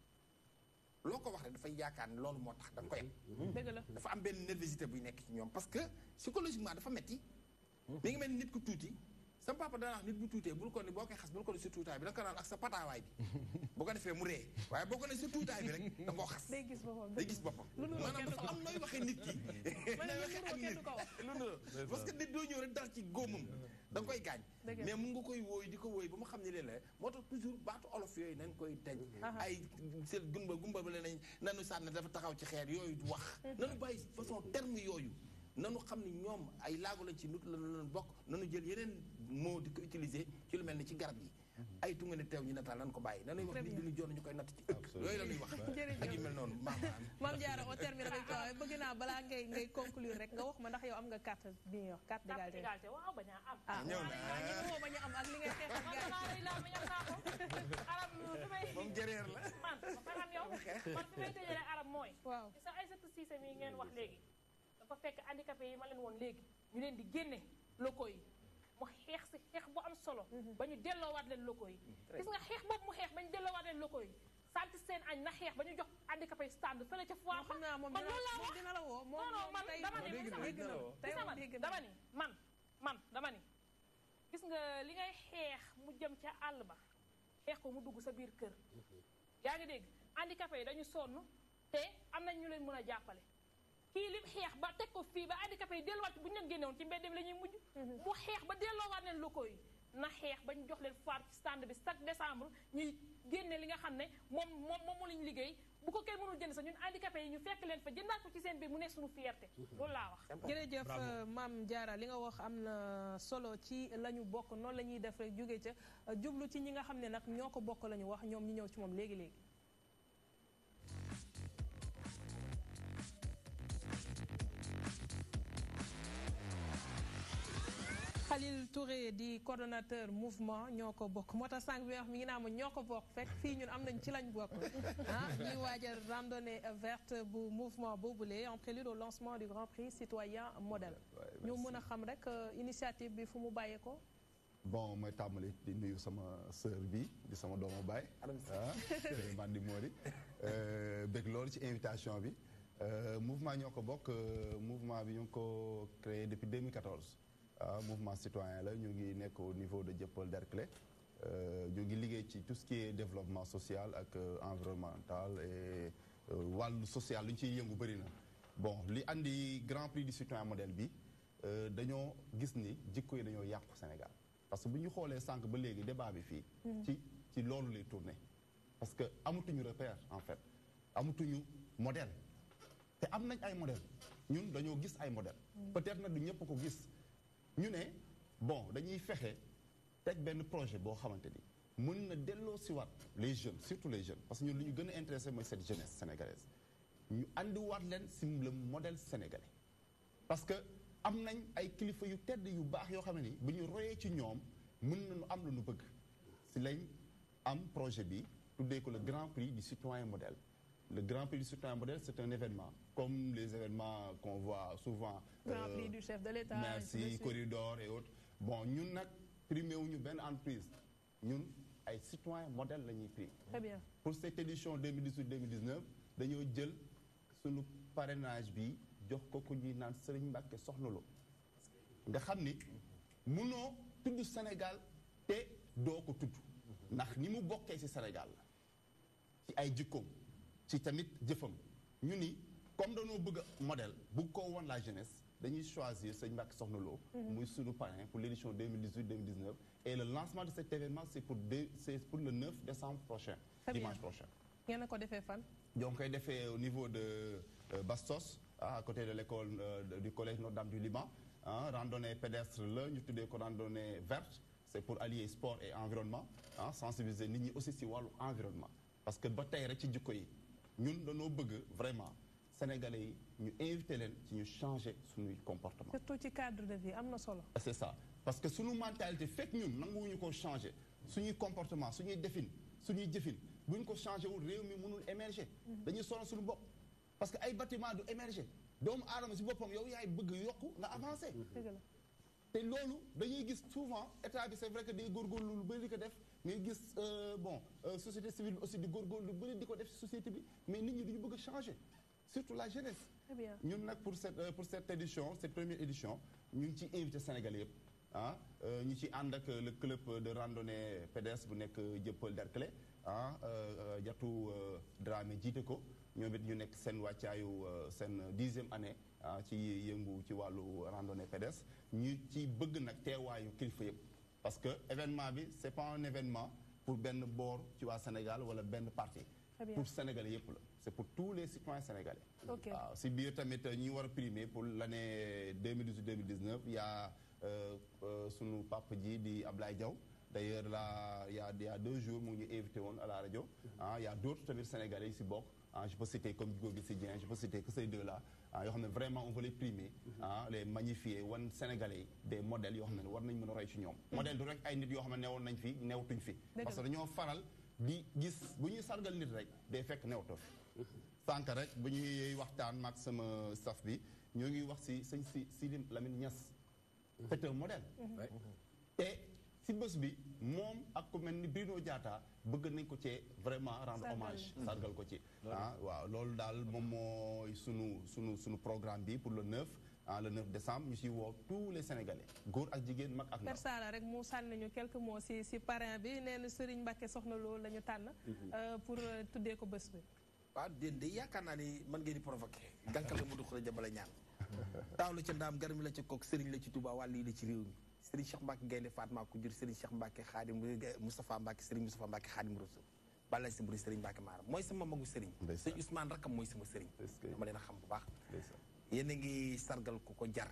loo ko wax rek dafay yaakaar ne loolu moo tax da nga koy am. dëgg la dafa am benn nervosité buy nekk ci ñoom parce que psychologiquement dafa metti mi ngi mel nit ku tuuti. sama papa dana nit bu tuutee bul ko ni boo koy xas bul ko sa tuutaay bi da nga ko naan ak sa pataawaay bi boo ko defee mu ree waaye nit doo ñëw rek dal ci góomam danga nga koy gaañ mais mun nga koy wooy di ko wooy ba mu xam ne leen la moo tax toujours baatu olof yooyu nañ koy dañ ay seen gumba gumba ba leen nanu sànni dafa taxaw ci xeer yooyu du wax nanu bàyyi façon terme yooyu nanu xam ni ñoom ay laago lañ ci nut la leen bokk nanu jël yeneen moo di ko utiliser ci lu mel ni ci garab yi Mm-hmm. ay tu nga ne teew ñu nataal lan ko bàyyi dañuy wax ni julli joon ñu koy natt ci ëpp yooyu la ñuy wax mel noonu maam bëgg naa balaa ngay ngay rek wax ma ndax yow am nga carte bi ñuy wax carte d'égalité waaw a am ah ñëw na woo bañ a am xeex moom jëreer la man maanaam man fi may tëjee arab mooy waaw sa ay sëtu siise mi ngeen wax léegi dafa fekk handicapé yi ma léegi ñu leen di génne locaux yi mu xeex si xeex bu am solo mhm. ba ñu delloowaat leen locaux yi mhm. gis nga xeex boobu mu xeex ba ñu delloowaat leen locaux yi sant seen añ na xeex ba ñu jox handicapé stand fële ca foire xam naa moom dina la woo non non man dama ni sama dama ni man man dama ni gis nga li ngay xeex mu jëm ca àll ba xeex ko mu dugg sa biir kër mhm. yaa ngi dégg handicapé yi dañu sonn te am nañ ñu leen mën a jàppale kii lim xeex ba teg ko fii ba handicapé yi delluwaat bu ñu leen génnewoon ci mbedd mi la ñuy mujj bu mhm. xeex ba delloowaat leen locaux yi na xeex ba ñu jox leen foire ci stand bi chaque décembre ñuy génne li nga xam ne moom moom moom la ñu liggéey bu ko kenn mënul jënd sax ñun handicapé yi ñu fekk leen fa jëndaat ko ci seen biir mu nekk suñu fierté mhm. loolu laa wax jërëjëf euh, maam Diarra li nga wax am na solo ci la ñu bokk noonu la ñuy def rek jógee ca jublu ci ñi nga xam ne nag ñoo ko bokk la ñu wax ñoom ñu ñëw ci moom léegi-léegi Touré di coordonnateur mouvement ñoo ko bokk moo tax sànq bi wax mi ngi naa ma ñoo ko bokk fekk fii ñun am nañ ci lañ bokk ah ñuy waajal randonnée verte bu mouvement boobule en prélude au lancement du grand prix citoyen modèle ñu mën a xam rek euh, initiative bi fu mu bàyyee ko bon may tàmbali di nuyu sama sœur bi di sama doomu baay ah, ah Bandi Mori euh, bég loolu ci invitation bi euh, mouvement ñoo ko bokk mouvement bi ñu ko créé depuis 2014 euh, mouvement citoyen la ñu ngi au niveau de Dieuppeul Derklé euh, ñu ngi liggéey ci tout ce qui est développement social ak euh, environnemental et wàllu social lu y yëngu bari na. bon li andi grand prix du citoyen modèle bi dañoo gis ni jikko yi dañoo yaq Sénégal parce que bu ñu xoolee sànq ba légui débat bi fi mm. ci ci loolu lay tourné. parce que amatuñu repère en fait amatuñu modèle té am nañ ay modèle ñun dañoo gis ay modèle mm. peut-être nak du ñëpp ko gis. ñu ne bon dañuy fexe teg benn projet boo xamante ni mun na delloo si waat les jeunes surtout les jeunes parce que ñun li ñu gën a intéressé mooy cette jeunesse sénégalaise ñu àndiwaat leen si la modèle sénégalais parce que am nañ ay kilifa yu tedd yu baax yoo xam ne ni bu ñu royee ci ñoom mën nañu am lu ñu bëgg si lañ am projet bi tuddee ko le grand prix du citoyen modèle Le Grand Prix du citoyen modèle, c'est un événement, comme les événements qu'on voit souvent. Grand euh, Prix du chef de l'État. Merci, Corridor et autres. Bon, nous avons primé une bonne entreprise. Nous, les citoyens modèles, nous pris. Très bien. Pour cette édition 2018-2019, nous avons pris le parrainage bi jox ko ko ñi naan Serigne Mbacke Soxna Lo nga xam ni munoo tudd Sénégal te doo ko tudd ndax ni mu bokkee ci Sénégal la ci ay jikkoom ci tamit jëfam ñu ni comme dans nos modèles, modèle bu ko woon la jeunesse dañuy choisir sëñ Mbacke Soxna Lo mhm. muy sunu parrain pour l'édition 2018 2019 et le lancement de cet événement c'est pour le 9 décembre prochain dimanche prochain ngeen ko defee fan ñoo ngi des defee au niveau de euh, Bastos à côté de l'école euh, du collège Notre-Dame du Liban hein, randonnée pédestre la ñu tuddee ko randonnée verte c'est pour allier sport et environnement hein, sensibiliser nit ñi aussi si wàllu environnement parce que le bataille est ci jikko yi ñun dañoo bëgg vraiment sénégalais yi ñu invité leen ci ñu changer suñuy comportement. surtout ci cadre de vie am na solo. Ah, c'est ça parce que suñu mentalité fekk ñun nanguwuñu ko changer suñuy comportement suñuy defin suñuy jëfin buñ ko changer wul réew mi mënul émerger. Mhm. dañuy sonal suñu bopp parce que ay bâtiment du émerger doomu aadama si boppam yow yaay bëgg yokku nga avancer. Et lolu dañuy gis souvent état bi c'est vrai que day góorgóorlu lu bëri di ko def ngay gis euh, bon euh, société civile aussi di góorgóorlu lu bëri di ko def ci société bi mais nit ñi duñu bëgg changer surtout la jeunesse. Bien. ñun nak pour cette euh, pour cette édition cette première édition ñu ci invité Sénégalais hein ah ñu ci and ak le club de randonnée pédestre bu nekk Jëppal Derklé ah Jatu Dramé jité ko ñoom it ñu nekk seen wàccaayu seen dixième année qui ah, ci yëngu ci wàllu randonnée pédestre ñu ci bëgg nag teewaayu kilifa yëpp parce que événement bi c'est pas un événement pour benn boor ci waa Sénégal wala benn parti pour Sénégalais c'est pour tous les citoyens sénégalais waaw ah, si biir tamit ñi war a primer pour l'année 2018 2019 il y a euh, euh, sunu papa ji di Ablaye Diaw d'ailleurs là il y a deux jours mu ngi invité woon à la rajo mm-hmm. ah, Il y a d'autres sénégalais yi si bokk ah, je peux citer comme Hugo je peux citer que ces deux-là. Ah, vraiment, on veut mhm. ah, les primer, les magnifier, les Sénégalais, des modèles, ils ont des modèles. Modèles de ils ont des modèles qui Parce que nous faral, di gis sargal nit des modèles fekk les mhm. rek sama staff bi nous mhm. un modèle si bés bi moom ak ku mel ni Bruno Diatta bëgg nañ ko cee vraiment rendre hommage sargal ko ci ah waaw loolu daal moom mooy sunu sunu sunu programme bi pour le 9 ah le 9 décembre ñu si woo tous les sénégalais góor ak jigéen mag ak ndaw persala rek mu sànni ñu quelques mots si si parrain bi nee na Serigne Mbacké soxna loolu lañu tànn mhm. euh, pour euh, tuddee ko bés bi waaw déen de yaakaar naa ni mën ngeen di provoqué gànkal la mu dux ra jabala ñaan taaw la ca ndaam garmi la ca kook sëriñ la ci Touba wàll yi ci réew mi Serigne Cheikh Mbacke Gaynde Fatma ku jur Serigne Cheikh Mbacke Xaadim Moustapha Mbacke Serigne Moustapha Mbacke Xaadim Rasul bala si buri Serigne Mbacke Maara mooy sama magu Serigne sëñ Ousmane rakkam mooy sama Serigne dama leen a xam bu baax yéen a ngi sargal ko ko jar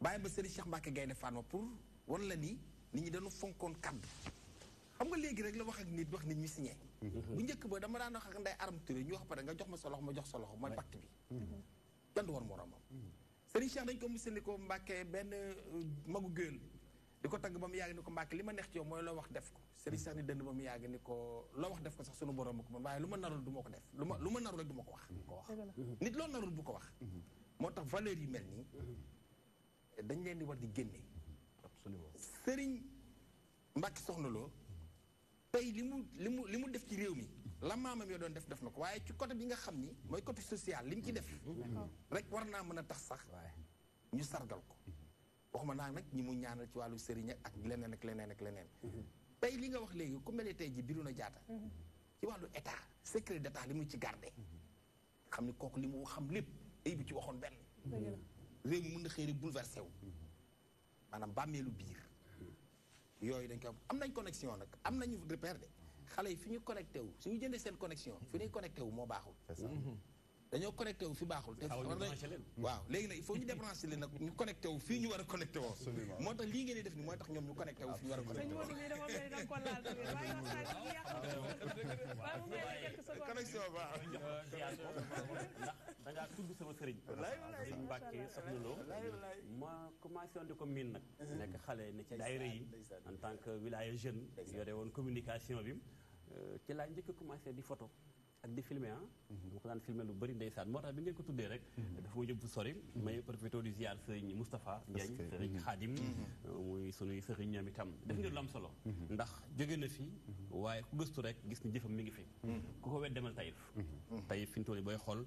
bàyyi ma Serigne Cheikh Mbacke Gaynde Fatma pour wan la ni nit ñi dañu fonkoon kaddu xam nga léegi rek la wax ak nit wax nit ñu signé mhm. bu njëkk ba dama daan wax ak nday aram turé ñu wax pare nga jox ma sa loxo ma jox sa loxo mooy pacte bi dandu mhm. war moroomam mhm. Serigne Cheikh dañ ko mus ni ko Mbàkke benn euh, magu géwél di ko tagg ba mu yàgg ni ko Mbàkke li ma neex ci yow mooy loo wax def ko Serigne Cheikh ni dënd ba mu yàgg ko loo wax def ko sax sunu borom ko mën waaye lu ma narul du ma ko def lu ma lu ma narul rek ma ko wax ko wax nit loolu narul bu ko wax mm-hmm. moo tax valeurs yi mel nii mm-hmm. dañ leen di war di génne mm-hmm. absolument Serigne Mbàkke soxna loo tey li li mu li mu def ci réew mi la maamam yoo doon def def na ko waaye ci côté bi nga xam ni mooy côté social li mu ci def rek war naa mën a tax sax ñu sargal ko waxuma naa nag ñi mu ñaanal ci wàllu sëriñ ak leneen ak leneen ak leneen tey li nga wax léegi ku mel ne tey a Birouna ci wàllu état secret d'état li mu ci garde xam ni kooku li mu xam lépp ay bi ci waxoon benn réew mi mën na xëy rek bouleversé wu maanaam bàmmeelu biir yooyu dañ ko am nañ connexion nag am nañu repère de Allez, yi connecté wu suñu jëndé connexion fiñu connecté wu mo baaxul. dañoo connecté wu fi baaxul. te il faut ñu faut leen ñu connecté wu fii ñu war connecté wu. moo tax ngeen def ñu connecté wu da tudd sama sëriñ sëriñ Mbàkke Soxna Lo ma commencé woon di ko miin nag uh-huh. nekk xale ne ci daayira yi en tant que wilaya jeune yore woon communication bi euh, ci laa njëkk a commencé di photo ak di filmer ah uh-huh. dama lu bëri ndeysaan moo tax bi ngeen ko tuddee rek uh-huh. dafa ma yóbbu sori may profité di ziar sëriñ Moustapha Ndiagne sëriñ Khadim muy sunuy sëriñ ñoom itam def ngeen lu am solo ndax jóge na fi waaye ku gëstu rek gis ni jëfam mi ngi fi ku ko wet demal Taïf Taïf fi booy xool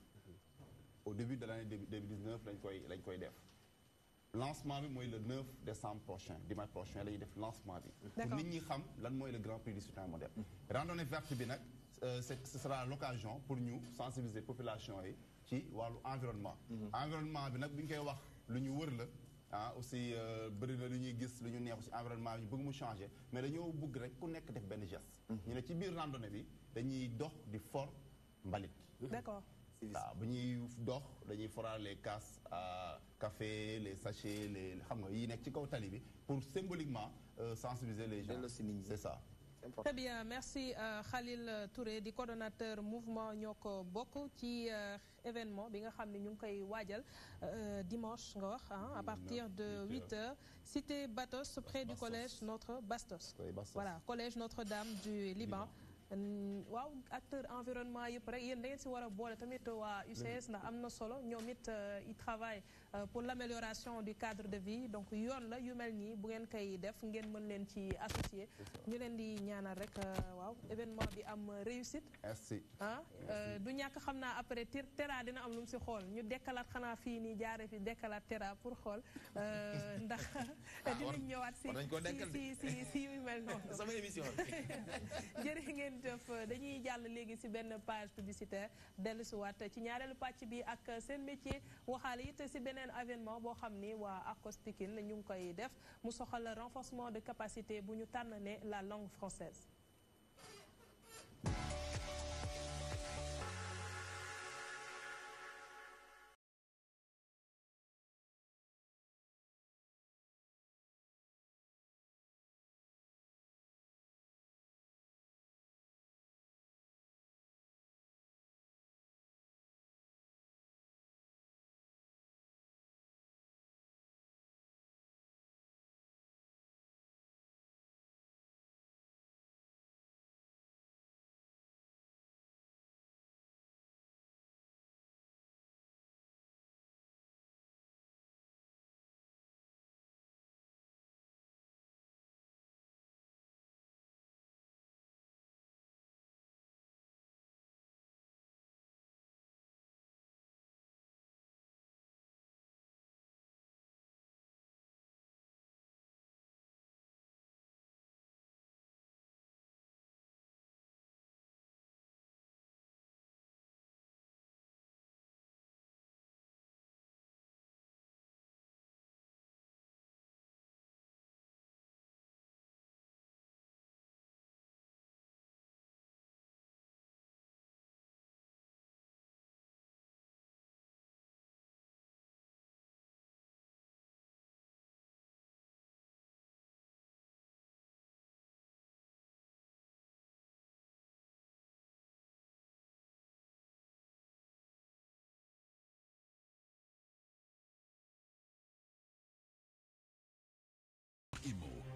au début de l'année 2019 lancement le 9 décembre prochain dimanche prochain lancement le grand prix du mhm. randonnée verte euh, ce sera l'occasion pour de sensibiliser population yi ci l'environnement. environnement. Mhm. environnement bi bu ah, aussi euh, na lu gis environnement changer mais bëgg rek ku nekk def d'accord. Il ah, dañuy les casses à café les sachets les xam yi pour symboliquement euh, sensibiliser les gens c'est ça Très bien, merci euh, Khalil Touré, du coordonnateur mouvement Nyoko Boko, qui xamni euh, événement, dimanche à partir de 8h, cité Batos, près du collège Notre Bastos. Voilà, collège Notre-Dame du Liban. waaw acteur environnement yëpp rek yéen da ngeen si war a boole tamit waa UCS ndax am na solo ñoom it euh, ils travaillent euh, pour l'amélioration du cadre de vie donc yoon la yu mel nii bu ngeen koy def ngeen mën leen ci associé ñu leen di ñaanal rek euh, waaw événement bi am réussite merci ah du ñàkk xam naa après Terra dina am lu mu si xool ñu dekkalaat xanaa fii ni jaare fi dekkalaat Terra pour xool ndax ah, dinañ ñëwaat si si si si yu mel noonu sama émission jërë ngeen jërëjëf dañuy jàll léegi si benn page publicitaire dellu si waat ci ñaareelu pàcc bi ak seen métier waxaale it si beneen avènement boo xam ni waa Akos ñu ngi koy def mu soxal renforcement de capacité bu ñu tànn la langue française y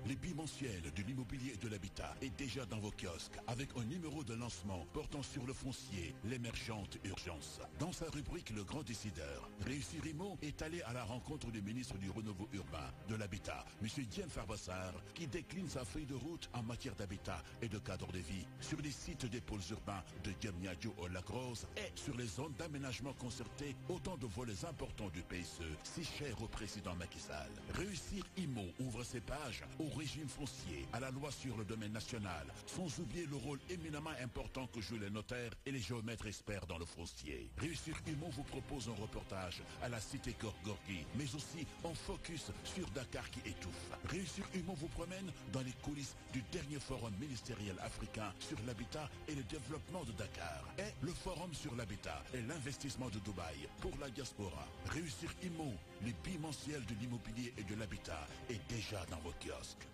les bimensuels de l'immobilier et de l'habitat est déjà dans vos kiosques avec un numéro de lancement portant sur le foncier, l'émergente urgence. Dans sa rubrique Le Grand Décideur, Réussir Imo est allé à la rencontre du ministre du Renouveau Urbain, de l'Habitat, M. Diane Farbassar, qui décline sa feuille de route en matière d'habitat et de cadre de vie sur les sites des pôles urbains de Diamniadio au et sur les zones d'aménagement concerté, autant de volets importants du PSE, si cher au président Macky Sall. Réussir Imo ouvre ses pages au régime foncier, à la loi sur le domaine national, sans oublier le rôle éminemment important que jouent les notaires et les géomètres experts dans le foncier. Réussir Imo vous propose un reportage à la cité Gorgorgi, mais aussi en focus sur Dakar qui étouffe. Réussir Humo vous promène dans les coulisses du dernier forum ministériel africain sur l'habitat et le développement de Dakar et le forum sur l'habitat et l'investissement de Dubaï pour la diaspora. Réussir IMO, les bimensuels de l'immobilier et de l'habitat est déjà dans vos kiosques.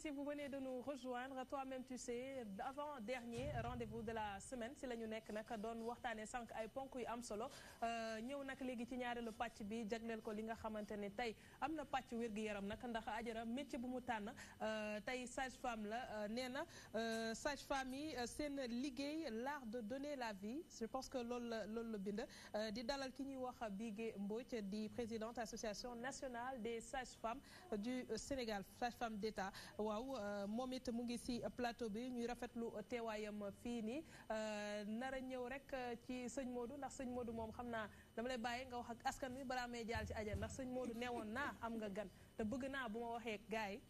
se você venez de rejoindre toi-même tu sais avant dernier rendez-vous de la semaine si la ñu nekk don doon Sank ay ponk am solo euh, ñëw nak légui ci le patch bi jagnel ko li nga xamante tay amna am na yaram nak ndax ajara métier bu mu tay euh, sage-femme la euh, néna sage-femme yi seen l'art de donner la vie je pense que loolu la le la bind di dalal ki ñi wax di présidente association nationale des sages-femmes du Sénégal sage femme d'État waaw momi te mu ngi si plateau bi ñuy rafetlu teewaayam fii nii euh, nar ñëw rek euh, ci sëñ Modou ndax sëñ Modou moom xam naa dama lay bàyyi nga wax ak askan wi balaa may jaal ci aja ndax sëñ Modou newoon naa am nga gan te bëgg naa bu ma waxee gaay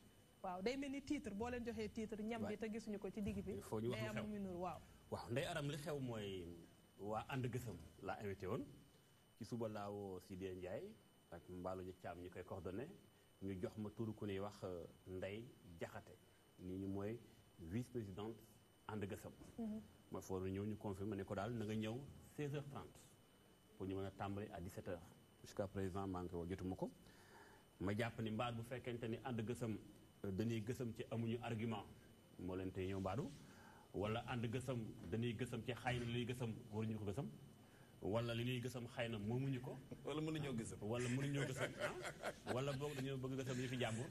waaw day mel ni tiitre boo leen joxee titre ñam bi te gisuñu ko ci digg bi day am mu nur waaw waaw ndey aram li xew mooy waa ànd gësam laa invité woon ci suba laa woo Sidé Ndiaye ak mbaalu ñu caam ñu koy coordonné ñu jox ma turu ko ñuy wax euh, ndey jaxate nii mooy vice président ànd gësam mm-hmm. ma foog ñëw ñu confirmer ne ko daal na nga ñëw 16 h pour ñu mën a tàmbali à 17h. jusqu'à présent maa ngi jotuma ko ma jàpp ni mbaar bu fekkente ni ànd gësam dañuy gësëm ci amuñu argument moo leen tey ñëw mbaadu wala ànd gësam dañuy gësëm ci xay na luy gësam waruñu ko gësam. wala li ñuy gësam xëy na moomuñu ko. wala mënuñoo gësam. wala mënuñoo gësam ah. wala boog dañoo bëgg gësam ñu fi jàmbur.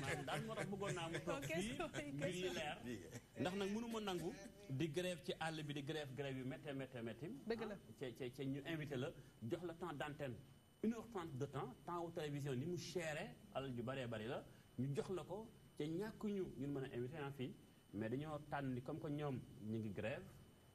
maanaam daal moo tax bëggoon naa mu toog fii mbir yi leer. ndax nag mënu ma nangu. di grève ci àll bi di grève grève yu méttee méttee métti. dëgg la ah, ci ñu invité la jox la temps d' antenne. une de temps temps wu télévision ni mu chéré alal ju bëree bëri la ñu jox la ko te ñu ñu mën a invité naa fii mais dañoo tànn ni comme que ñoom ñu ngi grève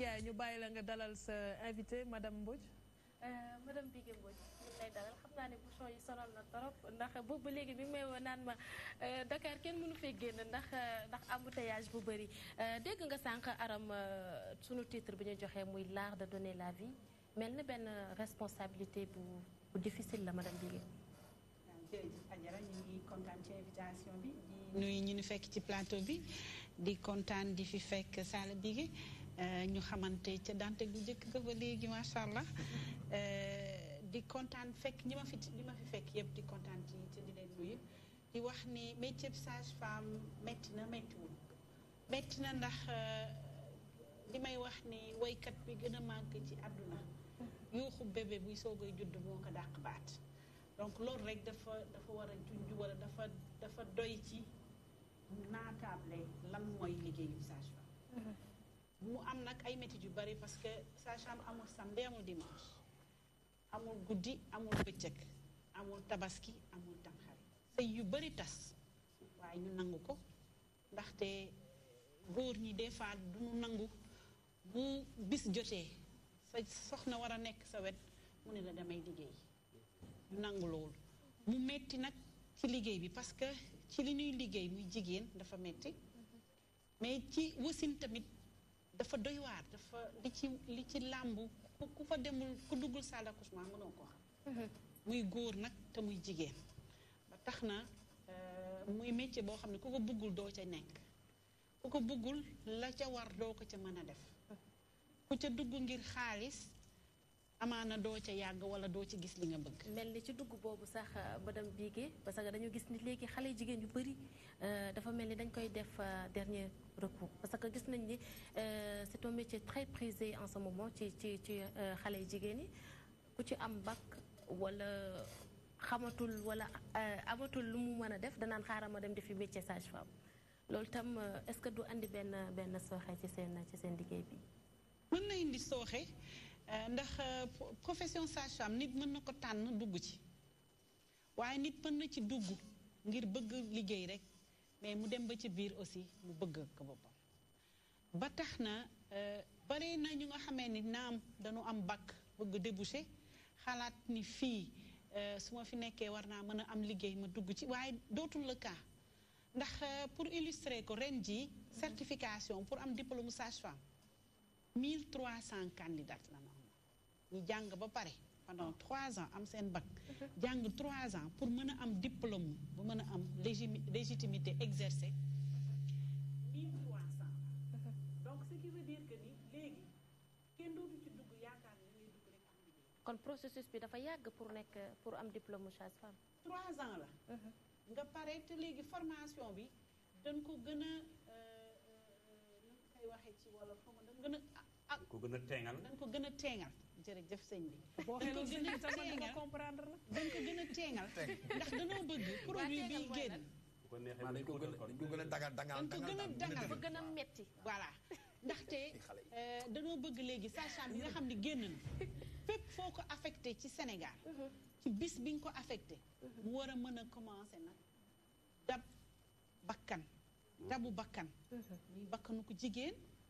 Ndiaye ñu bàyyi la nga dalal sa invité madame Mbodj. Euh, madame Bigué Mbodj ñu lay dalal xam naa ne bouchon yi sonal na trop ndax boobu ba léegi mi may woo naan ma euh, Dakar kenn mënu fee génn ndax euh, ndax embouteillage bu bëri dégg nga sànq aram sunu titre bi ñu joxee muy l'art de donner la vie mel benn responsabilité bu bu difficile la madame Bigué. jërëjëf ñu ci invitation bi di fekk ci plateau bi di kontaan di fi fekk Sala Bigué. Euh, ñu xamante ca dante gu njëkk ga ba léegi macha allah euh, di kontaan fekk ñi ma fi ñi ma fi fekk yëpp di kontaan ci ci di leen nuyu di wax ni métier sage femme métti na méttiwul métti na ndax euh, li may wax ni woykat bi gën a manqué ci àdduna yuuxu bébé buy soogay judd moo ko dàq baat donc loolu rek dafa dafa war a junj walla dafa dafa doy ci naataable lan mooy liggéeyu sage mu am nag ay métit yu bari parce que sa chambre amul samedi amul dimanche amul guddi amul bëccëg amul tabaski amul tamxarit sëy yu bari tas waaye ñu nangu ko ndaxte góor ñi des fois duñu nangu bu bis jotee sa soxna war a nekk sa wet mu ne la damay liggéey ñu nangu loolu mu metti nag ci liggéey bi parce que ci li ñuy liggéey muy jigéen dafa metti mm-hmm. mais ci wasin tamit dafa doy waar dafa li ci li ci làmb ku fa demul ku duggul salle d'accouchement mënoo ko xam mhm. muy góor nag te muy jigéen ba tax na euh, muy métier boo xam ne ku ko bëggul doo ca nekk ku ko bëggul la ca war doo ko ca mën a def mhm. ku ca dugg ngir xaalis amana do ci yag wala do ci gis li nga bëgg. melni ci dugg bobu sax euh, madame Bigué parce que dañu gis ni léegi xalé jigen yu bari euh dafa melni dañ koy def euh, dernier recours parce que gis nañ ni euh c'est un métier très prisé en ce moment ci ci ci euh, xale jigéen yi ku ci am bac wala. xamatul wala amatul lu mu mën a def danaan xaaral ma dem defi métier sage-femme lol tam est-ce que du andi ben ben soxé ci sen ci sen liggéey bi. mën na indi soxé Euh, ndax euh, profession sage-femme nit mën na ko tànn dugg ci waaye nit mën na ci dugg ngir bëgg liggéey rek mais mu dem ba ci biir aussi mu bëgg ko boppam ba tax na euh, bare na ñu nga xamee ni naam dañu am bac bëgg débouché xalaat ni fii su ma fi nekkee war naa mën a am liggéey ma dugg ci waaye dootul le cas ndax pour illustrer ko ren ji certification pour am diplôme sage-femme 1300 candidats la ñu jàng ba pendant trois ans am seen trois ans pour mën un diplôme bu mën a légitimité exercée donc ce qui veut dire que ni processus pour diplôme ans formation jërëjëf sëñ bi. boo sëñ bi tam mën nga comprendre la. dañ ko gën a teengal ndax dañoo bëgg produit bi génn. bu ko neexee dañ ko gën a dañ ko a dangal dangal dangal ba gën a metti voilà ndaxte euh, dañoo bëgg léegi sage-femme nga xam ne génn na fépp foo ko affecté ci Sénégal. ci bis bi nga ko affecté. mu war a mën a commencé nag dab bakkan. dabu bakkan. bakkanu ko jigéen.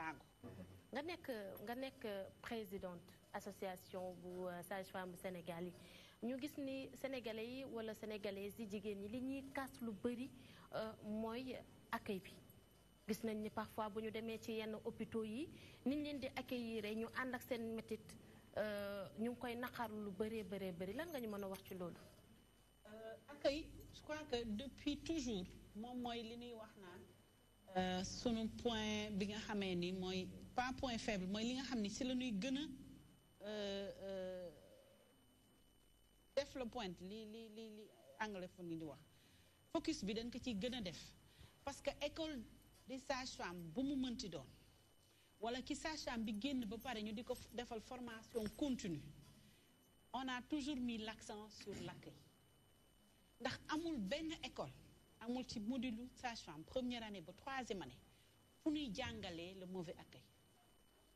laago nga nekk nga nekk présidente association bu euh, sage-femme Sénégal yi ñu gis ni sénégalais yi wala sénégalaises yi jigéen ñi li ñuy kaas lu bëri euh, mooy accueil bi gis nañ ni parfois bu ñu demee ci yenn hôpitaux yi niñ leen di accueillir ñu ànd ak seen métit euh, ñu ngi koy naqar lu bëree bëree bëri lan nga ñu mën a wax ci loolu accueil je crois que moom mooy li ñuy wax naan Euh, sunu point bi nga xamee ni mooy pas point faible mooy li nga xam ni si la ñuy gën a euh, euh, def le point li li li li anglophone yi di wax focus bi dañ ko ci gën a def parce que école des sages-femmes bu mu mënti doon wala ki sage-femme bi génn ba pare ñu di ko defal formation continue on a toujours mis l'accent sur l'accueil ndax amul benn école amul ci module sage femme première année ba troisième année fu ñuy jàngalee le mauvais accueil.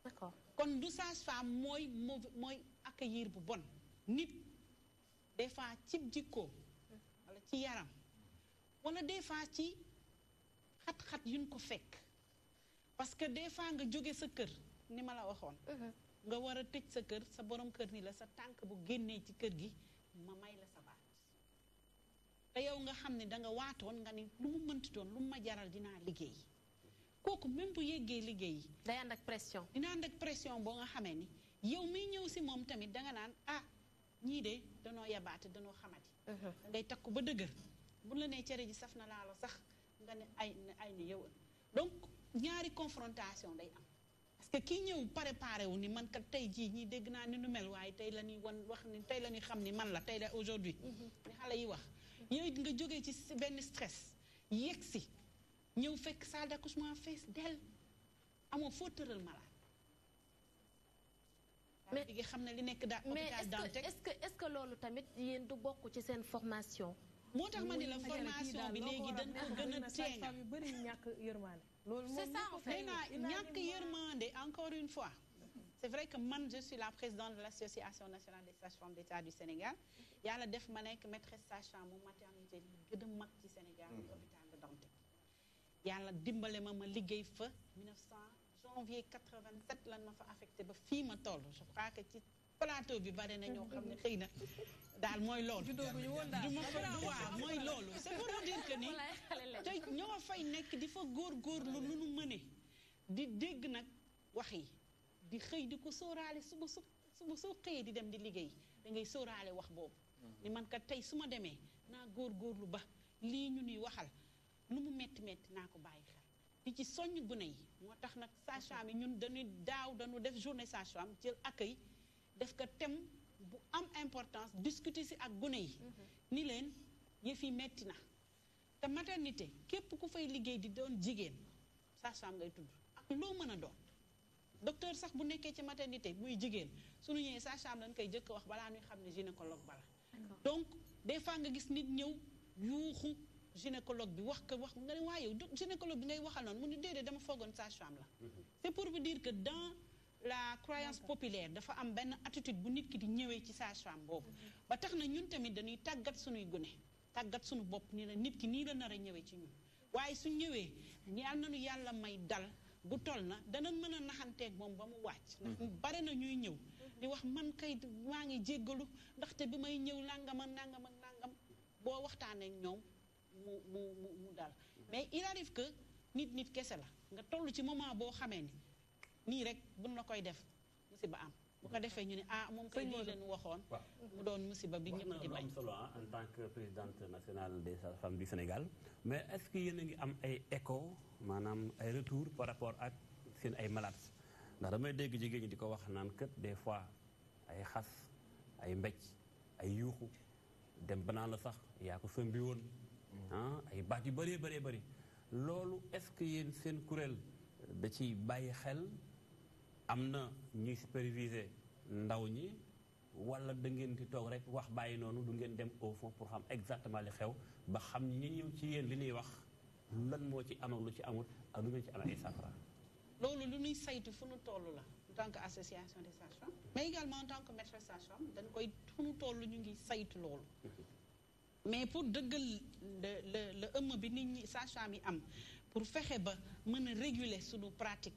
d'accord kon du sage femme mooy mauvais mooy accueillir bu bon nit des fois ci jikko wala ci yaram wala des fois ci xat-xat yuñ ko fekk parce que des fois nga jóge sa kër ni ma la waxoon. Mhm. nga war a tëj sa kër sa borom kër ni la sa tànk bu génnee ci kër gi ma may la. te yow nga xam ne da nga waatoon nga ni lu mu mënti lu mu ma jaral dinaa liggéey kooku même bu yeggee liggéey yi. day ànd ak pression. dina ànd ak pression boo nga xamee ni yow miy ñëw si moom tamit danga naan ah ñii de danoo yabaate danoo xamati. Uh-huh. ngay takku ba dëgër bu la nee cere ji saf na laalo sax nga ne ay ay ni yow donc ñaari confrontation day am. parce que kii ñëw préparé wu ni man kat tey jii ñii dégg naa ni nu mel waaye tey la ñuy wan wax ni tey la ñuy xam ni man la tey la aujourd'hui uh-huh. ni xale wax. yow nga jógee ci benn stress yegg si ñëw fekk salle d'accouchement fees del amoo foo tëral malade. mais nga xam li nekk daa hôpital Dantec mais est-ce que est-ce que loolu tamit yéen du bokk ci seen formation. moo tax ma ne la formation bi léegi dañ ko gën a teeŋa. c'est ça en fait ñàkk yërmande encore une fois. C'est vrai que moi, je suis la présidente de l'Association nationale des sages-femmes d'État du Sénégal. Il y a la def manek maîtresse sage-femme maternité de mag du Sénégal, l'hôpital de Dante. Il y a la dimbalé maman liguey fa 1900 janvier 87 lan ma fa affecté ba fi ma toll. Je crois que ci plateau bi bari na ñoo xamné xeyna dal moy lool. Du dogu fa moy lool. C'est pour vous dire que ni tay ñoo fay nek di fa gor gor lu lu mëne di dégg nak wax yi di xëy di ko sóoraale suba su suba soo xëyee di dem di liggéey da ngay wax boobu mhm. ni man kat tey su ma demee naa góor góorlu ba lii ñu nuy waxal lu mu metti metti naa ko bàyyi xel di ci soññ gune yi moo tax nag sage-femme yi ñun dañuy daaw dañu def journée sage-femme jël accueil def ko tem bu am importance discute si ak gune yi mhm. ni leen yëf yi metti na te maternité képp ku fay liggéey di doon jigéen sage-femme ngay tudd ak loo mën a doon docteur sax bu nekkee ci maternité muy jigéen suñu ñëwee sage-femme lañ koy jëkk wax balaa ñuy xam ne gynécologue bala donc des fois nga gis nit ñëw yuuxu gynécologue bi wax ko wax nga ne waaye yow gynécologue bi ngay waxal noonu mu ne déedéet dama foogoon sage-femme mhm. pour vous dire que dans la croyance populaire dafa am benn attitude bu nit ki di ñëwee ci sage-femme boobu mhm. ba tax na ñun tamit dañuy tàggat suñuy gone tàggat suñu bopp ni la nit ki nii la nar a ñëwee ci ñun waaye su ñëwee yal nañu yàlla may dal bu toll na danañ mën a naxanteeg moom ba mu wàcc ndax mm-hmm. bare na ñuy ñëw mm-hmm. di wax man kay maa ngi jéggalu ndaxte bi may ñëw nangam ak nangam ak boo waxtaaneek ñoom mu mu mu dal mais il arrive nit nit kese la nga toll ci moment boo xamee ni nii rek buñ la koy def musiba am bu ko defee ñu ne ah moom kay lii leen waxoon mu doon musiba bi ñëpp di bañ solo ah, en tant que présidente nationale des femmes du Sénégal mais est-ce que yéen a ngi am ay écho maanaam ay retour par rapport ak seen ay malaat ndax damay dégg jigéen ñi di ko wax naan kët des fois ay xas ay mbéj ay yuuxu dem banaan la sax yaa ko sëmbi woon ah ay baat yu bëree bëree bëri loolu est-ce que yéen seen kuréel da ci bàyyi xel am na ñuy superviser ndaw ñi wala da ngeen di toog rek wax bàyyi noonu du ngeen dem au fond pour xam exactement li xew ba xam ñi ñëw ci yéen li ñuy wax lan moo ci am ak lu ci amul ak lu ngeen ci am ay saafara loolu lu ñuy saytu fu nu toll la en tant que association des sages mais également en tant que maîtresse sage-femme dañ koy fu nu toll ñu ngi saytu loolu mais pour dëggal le le ëmm bi nit ñi sage-femme yi am pour fexe ba mën a réguler suñu pratique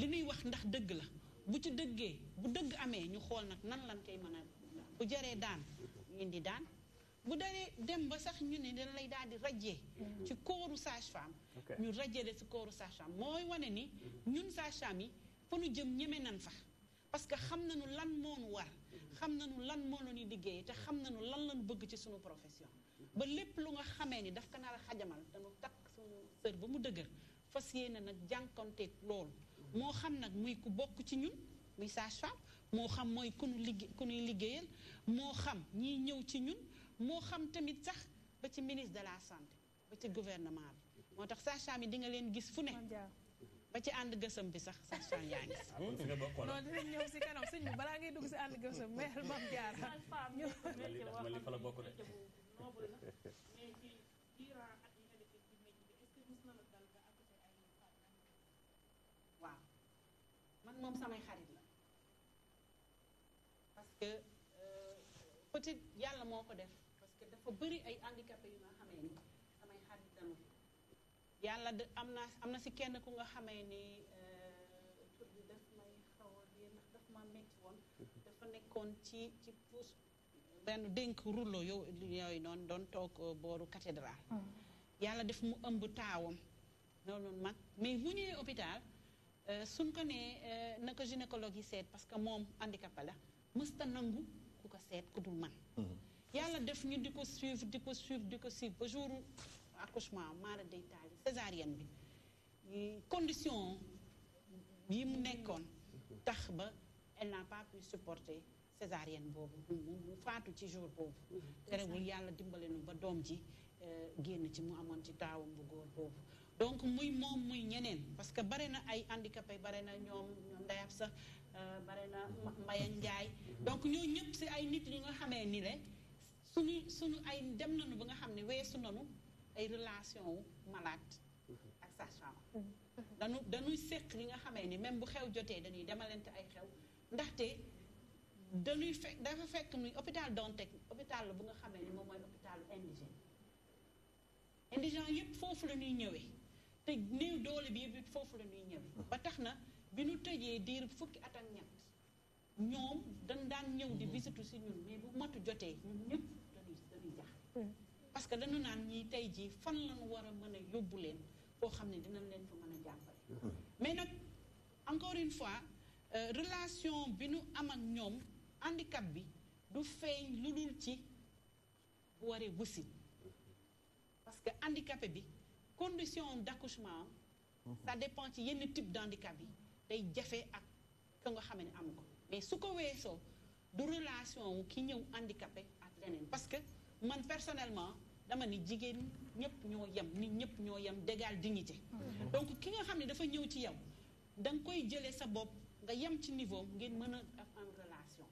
li ñuy wax ndax dëgg la bu ci dëggee bu dëgg amee ñu xool nag nan lan koy mën a bu jaree daan indi daan bu daree dem ba sax ñu ne dañ lay daal di rajee ci kooru sage-femme ñu rajee de ci kooru sage-femme mooy wane ni ñun sage-femme yi fa nu jëm ñeme nan fa parce que xam nañu lan moonu war xam nañu lan moonu ni liggéey te xam na nañu lan lañu bëgg ci suñu profession ba lépp lu nga xamee ni daf ko naa a xajamal dañu takk suñu sër ba mu dëgër fas yéene nag jànkonteeg lool moo xam nag muy ku bokk ci ñun muy sage-femme moo xam mooy ku nu ku nuy liggéeyal moo xam ñiy ñëw ci ñun moo xam tamit sax ba ci ministre de la santé ba ci gouvernement bi moo tax sage-femme yi di nga leen gis fu ne ba ci ànd gësëm bi sax sage-femme yaa ngi si ah, non dinañ ñëw si kanam sëñ bi balaa ngay dugg si ànd gësëm mayal mam jaar man moom samay xarit la parce que euh, peut-être yàlla moo ko def parce que dafa bëri ay handicapés yu nga xamee ni samay xarit danu yàlla de am na am na si kenn ku nga xamee ni euh, tur bi daf may xaw woon dafa nekkoon ci ci puus benn dénk rouleau yow yooyu noonu doon toog euh, booru cathédrale hmm. yàlla def mu ëmb taawam loolu mu ñëwee hôpital Euh, suñ ko nee euh, na ko gynécologue yi seet parce que moom handicapé la mësta nangu ku ko seet ku dul man mhm. yàlla def ñu di ko suivre di ko suivre di ko suivre ba jour accouchement maara day taali césarienne bi condition yi mu nekkoon tax ba elle n'a pas pu supporter césarienne boobu mu faatu ci jour boobu mhm. terewul yàlla dimbale nu ba doom ji euh, génn ci mu amoon ci taawam bu góor boobu donc muy moom muy ñeneen parce que bare na ay handicapé bare na ñoom ñoom ndayab sax euh, bare na Mbaye Ndiaye donc ñoo ñëpp si ay nit ñu nga xamee ni le suñu suñu ay dem nañu bu nga xam ni weesu nañu ay relation wu malade ak sage-femme dañuy séq li nga xamee ni même bu xew jotee dañuy demalante ay xew ndaxte dañuy fekk dafa fekk muy hôpital donte hôpital bu nga xamee ni moom mooy hôpital indigène indigène yëpp foofu la ñuy ñëwee te néew doole bi yëpp foofu la ñuy ñëw ba tax na bi ñu tëjee diir fukki at ak ñett ñoom dañ daan ñëw di visitu si ñun mais bu matu jotee ñun ñëpp dañuy dañuy jaaxle hmm. parce que dañu naan ñii tey jii fan lañu war a mën a yóbbu leen foo xam ne dinañ leen fa mën a jàppale hmm. mais nag encore une fois euh, relation bi nu am ak ñoom handicap bi du feeñ lu dul ci bu waree wusin parce que handicapé bi condition d'accouchement ça mhm. dépend ci type d'handicap yi day jafé ak nga xamné am ko mais su ko du relation ki handicapé parce que man personnellement dama ni jigen ñep ñoo yam ni ñep ñoo yam dignité mhm. donc ki nga dafa ci koy sa niveau en relation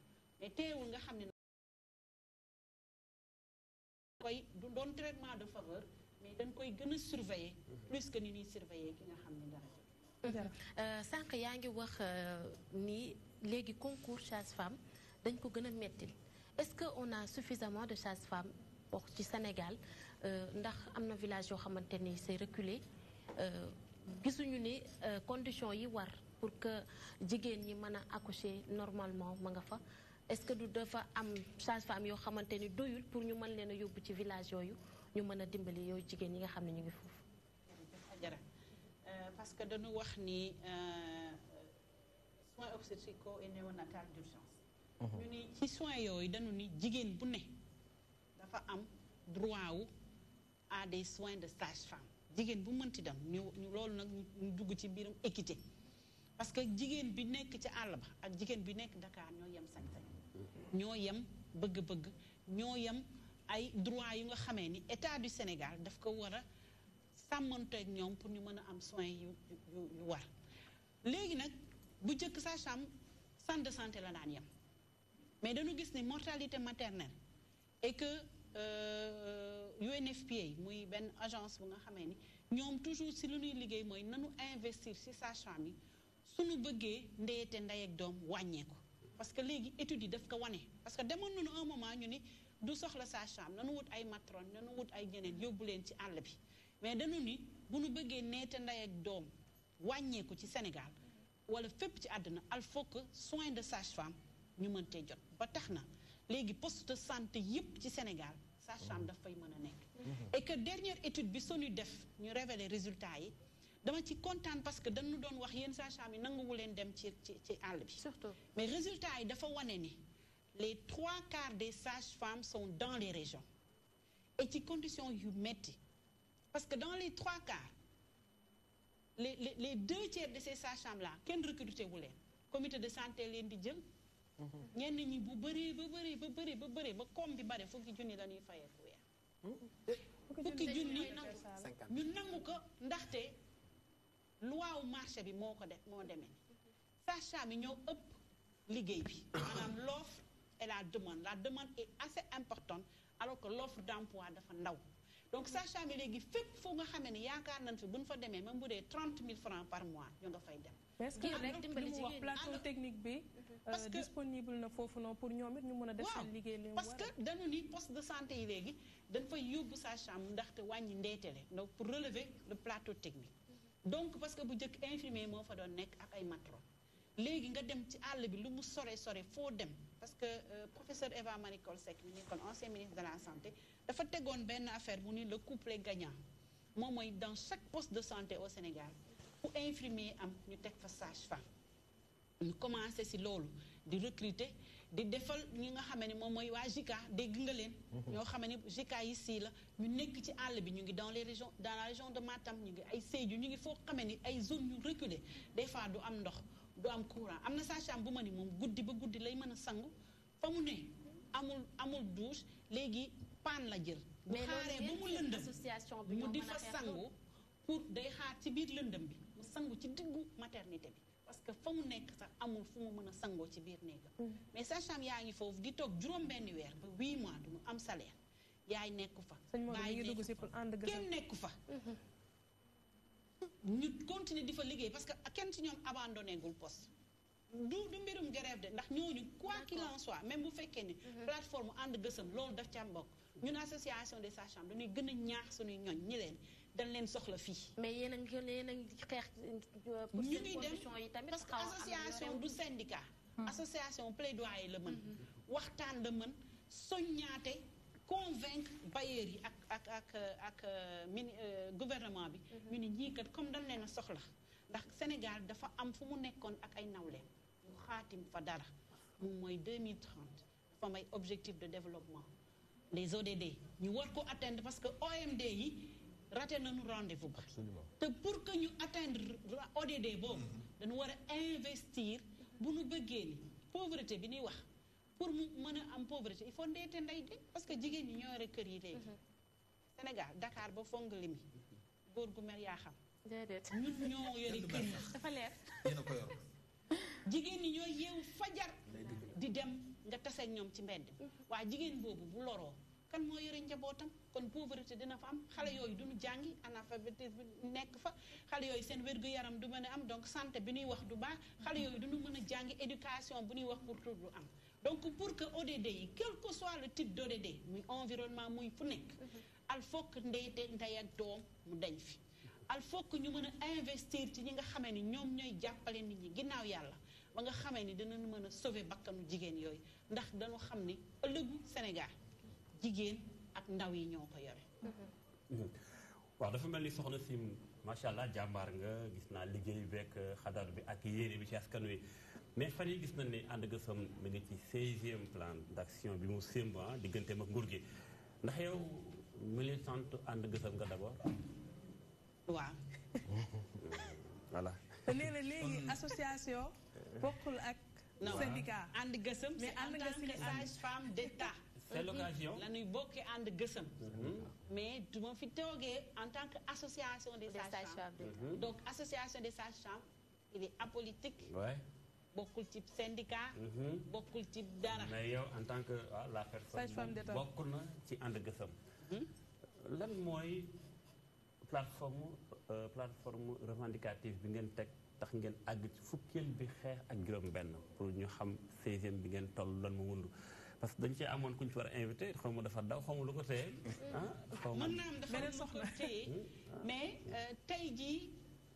mais nga traitement de faveur mais dañ koy gën a surveiller plus que ni ñuy xam ne euh, sànq yaa ngi wax euh, nii léegi concours sage-femme dañ ko gën a mettil est-ce que on a suffisamment de sage-femme wax ci Sénégal euh, ndax am na village yoo xamante ni c'est reculé gisuñu ni conditions yi war pour que jigéen ñi mën a accoucher normalement ma nga fa est-ce que du dafa am sage-femme yoo xamante ni doyul pour ñu mën leen a yóbbu ci village yooyu ñu mën a dimbali yooyu jigéen ñi nga xam ne ñu ngi foofu. jërëjëf euh, parce que dañu wax ni euh, soins obstétricaux et néonatal d'urgence mhm. ñu ni ci soins yooyu dañu ni jigéen bu ne dafa am droit wu à des soins de sage-femme jigéen bu mënti dem ñu loolu nag ñu dugg ci mbirum équité parce que jigéen bi nekk ci àll ba ak jigéen bi nekk Dakar ñoo yem sañ-sañ mhm. ñoo yem bëgg-bëgg ñoo yem ay droit yu nga xamee ni état du Sénégal daf ko war a sàmmanteeg ñoom pour ñu mën a am soins yu yu war léegi nag bu njëkk sa femme centre de santé la daan yem mais dañu gis ni mortalité maternelle et que euh, UNFPA muy benn agence bu nga xamee ni ñoom toujours si lu ñuy liggéey mooy nanu investir si sa femme yi suñu bëggee ndeyete ndey ak doom wàññeeku parce que léegi étude yi daf ko wane parce que demoon nañu un moment ñu ni du soxla sa femme nanu wut ay matron nanu wut ay ñeneen yóbbu leen ci all bi mais dañu ni bu nu bëggee neete ndey ak doom wañé ko ci Sénégal wala fep ci aduna al faut que soin de sage-femme ñu mënte jot ba taxna légui poste de santé yépp ci Sénégal sa femme da fay mëna nek mhm. et que dernière étude bi sonu def ñu révéler résultat yi dama ci kontaan parce que dañu doon wax yeen sa femme yi nanguwu leen dem ci ci ci àll bi surtout mais résultat yi dafa wané ni les trois quarts des sages-femmes sont dans les régions et qui condition humaine. parce que dans les trois quarts les deux tiers de ces sages-femmes là quest recruté voulez? comité de santé di mm-hmm. ñi bu bëree ba bëree ba bëree ba ba bi dañuy mm-hmm. ñu ko loi marché bi sages-femmes liggéey bi et la demande la demande est assez importante alors que l'offre dafa ndaw donc sage-femme yi léegi fépp foo nga xamee ne yaakaar nañ fi bu ñu fa demee même bu dee trente mille francs par mois ñu nga fay dem. ngir rek dimbali jigéen wax plateau technique bi. parce euh, que disponible na foofu noonu pour ñoom it ñu mën a def seen liggéey li parce que ni poste de santé yi léegi dañ fay yóbbu sage-femme ndaxte wàññi ndeetele donc pour relever le plateau technique. donc parce que bu njëkk infirmier moo fa doon nekk ak ay matro léegi nga dem ci àll bi lu mu sore sore foo dem. parce que euh, professeur Eva Manicol ancien ministre de la santé a fait une affaire le est gagnant dans chaque poste de santé au Sénégal pour imprimer un sage-femme commencé recruter di JICA mhm. dans les régions dans la région de Matam Nous ngi ay nous du am courant am na sage-femme bu ma ni moom guddi ba guddi lay mën a sangu fa mu ne amul amul douche léegi paan la jël bu xaaree ba mu lëndëm mu di fa sangu pour day xaar ci biir lëndëm bi mu sangu ci diggu maternité bi parce que fa mu nekk sax amul fu mu mën a sangoo ci biir néegam mm. mais sa femme yaa ngi foofu di toog juróom benni weer ba huit mois du mu am salaire yaay nekk fa baay nekku fa kenn nekku fa mm-hmm. ñu continuer di fa liggéey parce que kenn ci ñoom abandonné gul poste du du mbirum grève de ndax ñooñu quoi qu'il en soit même bu fekkee ni mhm. plateforme ànd gësëm loolu daf ca mbokk ñun association des sages-femmes dañuy gën a ñaax suñuy ñoñ ñi leen dañ leen soxla fii mais yéen a ngi yéen a ngi xeex euh, pour ñu ngi dem parce que association du mhm. syndicat association plaidoyer la mën mhm. waxtaan la mën soññaate convaincre bailleurs yi ak ak ak ak mini euh, gouvernement bi. Mhm. ñu ni ñii kat comme dañ leen a soxla ndax Sénégal dafa am fu mu nekkoon ak ay nawleem ñu xaatim fa dara moom mooy 2030 dafa am ay objectif de développement les ODD ñu war ko atteindre parce que OMD yi rate na nañu rendez-vous ba. te pour que ñu atteindre ODD boobu. Mhm. dañu war a investir bu nu bëggee ni pauvreté bi ñuy wax. pour mu mën a am pauvreté il faut ndeete ndey de parce que jigéen ñi ñoo yore kër yi léegi mhm. Sénégal Dakar ba fong limi góor gu mel yaa xam ñun ñoo yore kër yi dafa leer jigéen ñi ñoo yeewu fajar di dem nga tase ñoom ci mbedd mhm. waa jigéen boobu bu loroo kan moo yore njabootam kon pauvreté dina fa am xale mhm. yooyu duñu jàngi analphabétisme bi nekk fa xale yooyu seen wérgu yaram du mën a am donc santé bi ñuy wax du baax xale yooyu duñu mën a jàngi éducation bu ñuy wax pour tout du am donc pour que ODD quel que soit le type d'ODD mon environnement mon funek, al mhm. fokk ndeyte ndey ak doom mu dañ fi al fokk ñu mën investir ci ñinga nga ni ñom ñoy jappalé nit ñi ginnaw yalla ba nga xamé ni dañu mëna sauver bakkanu jigen yoy ndax dañu xam ni ëllëgu Sénégal jigen ak ndaw yi ñoko ko mhm. mhm. wa dafa melni soxna sim machallah jambar nga gis na liggéey beeg xadar bi ak yéene bi ci askan wi mais fallait yi gis nañ ne ànd gësam mi ngi ci 16e plan d'action bi mu semba ah, digganteem ak nguur ndax yow militante ànd gësam nga d' abord. waaw. voilà. nee na légui association. bokkul ak. syndicat ah, ànd gësam. mais ànd gësam mais en tant que sage femme d' état. c' la ñuy bokki ànd gësam. Mm-hmm. mais du ma fi toogee en tant que association des sages femmes. Mm-hmm. donc association des sages femmes il est apolitique. ouais bokkul ci syndicat. Mhm. bokkul ci dara. mais yow en tant que ah, la personne bokk na ci ànd gësam. Hmm? lan mooy plateforme euh, plateforme revendicative bi ngeen teg tax ngeen àgg ci fukkeel bi xeex ak juróom-benn pour ñu xam seizième bi ngeen toll lan mu wund parce que dañ cee amoon ku ñu ci war a invité xaw ma dafa daw xaw ma lu ko téye. Hmm. Ah, xaw ma mën naa am dafa lu ko hmm. mais euh, tey jii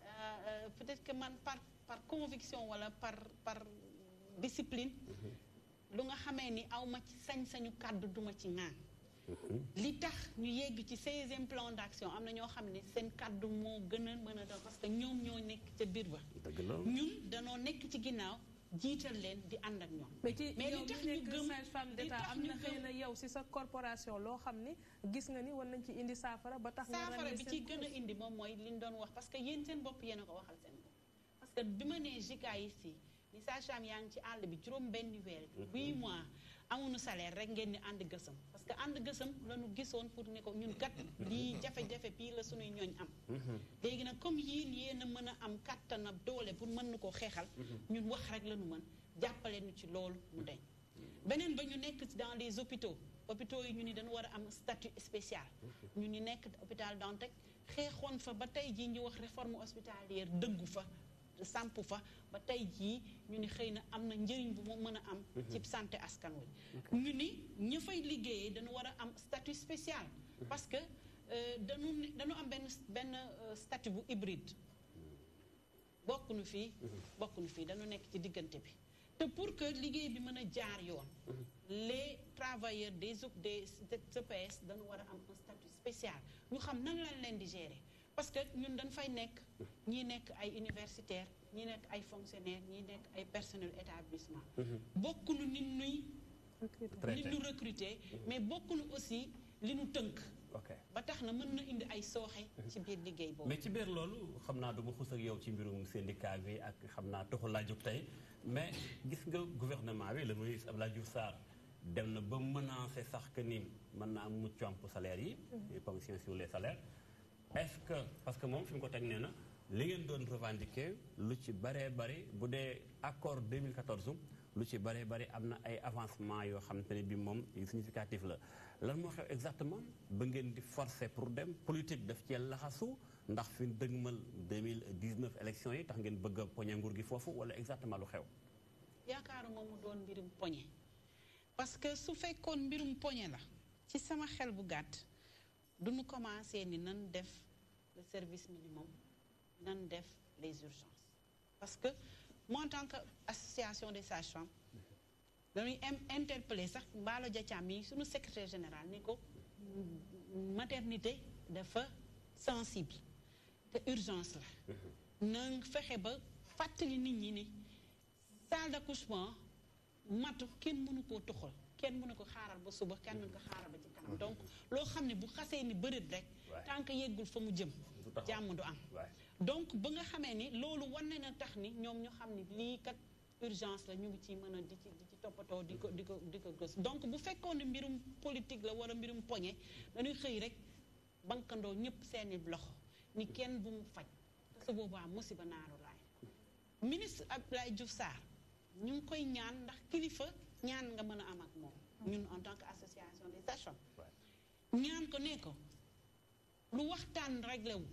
euh, peut-être que man par. par conviction wala par par discipline lu nga xamee ni aw ma ci sañ-sañu kàdd duma ci naan mhm. li tax ñu yegg ci seizième plan d'action am na ñoo xam ne seen kàddu moo gën a mën a daw parce que ñoom ñoo nekk ca biir ba ñun danoo nekk ci ginnaaw jiital leen di ànd ak ñoom. mais li tax ñu gëm femme am xëy na yow si sa corporation loo xam ni gis nga ni war nañ ci indi saafara ba tax. saafara bi ci gën a indi moom mooy li ñu doon wax parce que yéen seen bopp yéen a ko waxal seen te bi ma nee JICA ici ni sage-femme yaa ngi ci àll bi juróom benn weer. Mhm. huit mois amuñu salaire rek ngeen ni ànd gësam. parce que ànd gësam la ñu gisoon pour ne ko ñun kat mhm. lii jafe-jafe bii la suñuy ñooñ am. Mhm. léegi nag comme yéen yéen a mën a am kattan ak doole pour mën na koo xeexal. ñun wax rek la ñu mën jàppale nu ci loolu mu deñ beneen ba ñu nekk dans les hôpitaux. hôpitaux yi ñu ni dañu war a am statut spécial. ñu ni nekk hôpital Dantec xeexoon fa ba tey jii ñu wax réforme hospitalière dëggu fa samp fa ba tey jii ñu ni xëy na am na njëriñ bu mu mën a am mhm. ci santé askan wi ñu ni ña fay liggéeyee dañu war a am statut spécial mhm. parce que euh, dañu dañu am benn benn euh, statut bu hybride bokk nu fii bokk fii dañu nekk ci diggante bi te pour que liggéey bi mën a jaar yoon mhm. les travailleurs des de EPS dañu war a am un statut spécial ñu xam nan lañ leen di gérer parce que ñun dañ fay nekk ñi nekk ay universitaires ñi nekk ay fonctionnaires ñi nekk ay personnel établissement bokku mhm. bokkunu nit ñuy li ñu recruter mhm. mais bokku bokkunu aussi li ñu tënk ba tax na mën na indi ay sooxe mhm. ci biir liggéey boobu mais ci biir loolu xam naa duma xus ak yow ci mbirum syndicat bi ak xam naa taxul laa jóg tey mais gis nga gouvernement bi le ministre Abdoulaye Sarr dem na ba menacer sax que ni mën naa am mu comp salaire yi pension sur les salaires est-ce que parce que moom fi mu ko teg nee na li ngeen doon revendiquer lu ci baree bari bu dee accord lu ci baree bari am na ay avancement yoo xam xamante ne bi moom significatif la lan moo xew exactement ba ngeen di forcer pour dem politique daf cee laxasu ndax fi dëgmal 2019 élections yi tax ngeen bëgg a poñe nguur gi foofu wala exactement lu xew yaakaaruma mu doon mbirum poñe parce que su fekkoon mbirum poñe la ci sama xel bu gàtt duñu commencé ni nan def service minimum nan def les urgences parce que moi en tant qu'association des sages-femmes dañuy interpellé sax Mballo Dia Thiam yi secrétaire général ni ko maternité dafa sensible te urgence la Nous fexe ba fàttali nit ñi ni salle d'accouchement matou qui mënu koo tuxal kenn mënu ko xaaral ba suba kenn mënu ko xaaral ba ci kanam mm-hmm. donc loo xam ne bu xasee ni bërët rek tant que yeggul fa mu jëm jàmm du am donc ba nga xamee ni loolu wane na tax ni ñoom ñu xam ni lii kat urgence la ñu ngi ci mën a di ci toppatoo di ko di ko di ko gës donc bu fekkoon ne mbirum politique la wala mbirum poñe dañuy xëy rek bankandoo ñëpp seeni loxo ni kenn bu mu faj su boobaa musiba naaru laay ministre Abdoulaye Diouf Sarr ñu ngi koy ñaan ndax kilifa ñaan nga mën a am ak moom ñun en tant que association des sages ñaan ko ne ko lu waxtaan réglé wu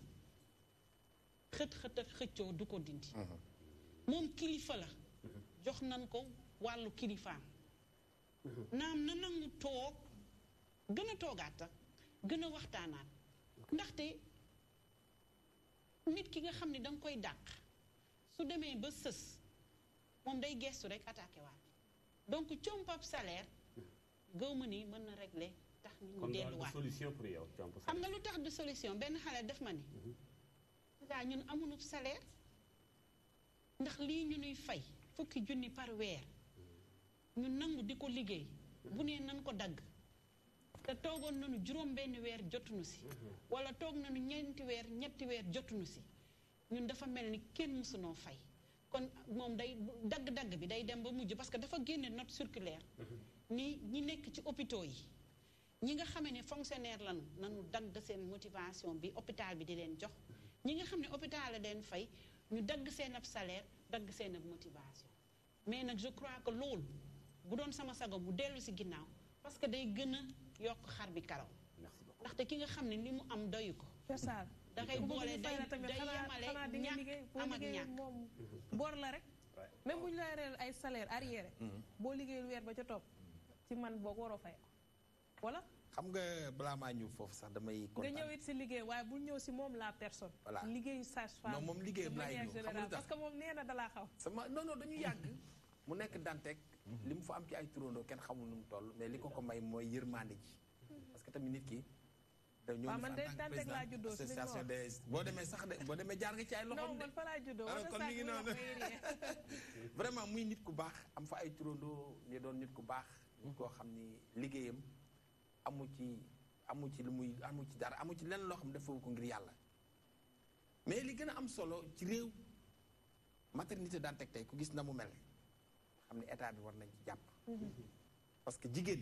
xët-xët ak xëccoo du ko dindi mhm. moom kilifa la mhm. jox nan ko wàllu kilifaam mhm. naam na nangu toog gën a toogaat ak gën a waxtaanaat ndaxte nit ki nga xam ne danga koy dàq su demee ba sës moom day gestu rek attaqué waat donc compab salaire gëw ma ni mën na régler tax ni ñu delluwaat xam nga lu tax de solution benn xale def ma ni daa ñun amuñu salaire ndax lii ñu nuy fay fukki junni par weer ñu nangu di ko liggéey bu nee nan ko dagg te toogoon nañu juróom benn weer jotuñu si wala toog nañu ñeenti weer ñetti weer jotuñu si ñun dafa mel ni kenn mësunoo fay kon moom day dagg-dagg bi day dem ba mujj parce que dafa génne not circulaire ni ñi nekk ci hôpitaux yi ñi nga xamee ne fonctionnaire lañu nanu dagg seen motivation bi hôpital bi di leen jox ñi nga xam ne hôpital la leen fay ñu dagg seen ab salaire dagg seen ab motivation mais nag je crois que loolu bu doon sama sago bu dellu si ginnaaw parce que day gën a yokk xar bi karaw ndaxte ki nga xam ne li mu am doyu ko dangay boole day yemale ñàkk am ak ñàkk boor la rek même bu la reel ay salaire arrière mm-hmm. boo liggéeyul weer ba ca topp ci man boog waroo fay wala xam nga balaa maa ñëw foofu sax damay. kontaan nga ñëw si liggéey waaye bul ñëw si moom la personne. voilà liggéeyu sage-femme. non moom liggéey laay ñëw xam parce que moom nee na dalaa xaw. sama non mu nekk Dantec. Mhm. li mu fa am ci ay turandoo kenn xamul nu mu toll mais li ko ko may mooy yërmande ji. Mhm. parce que tamit nit ki. dañoo ñëw man de Dantec laa juddoo si association des boo demee sax de boo demee jaar nga ci ay loxoom de. non man fa vraiment muy nit ku baax am fa ay turandoo ñu doon nit ku baax. Mhm. koo xam ni liggéeyam amu ci amu ci lu muy amu ci dara amu ci lenn loo xam ne defoo ko ngir yàlla mais li gën a am solo ci réew maternité Dantec tey ku gis na mu mel xam ne état bi war nañ ci jàpp parce que jigéen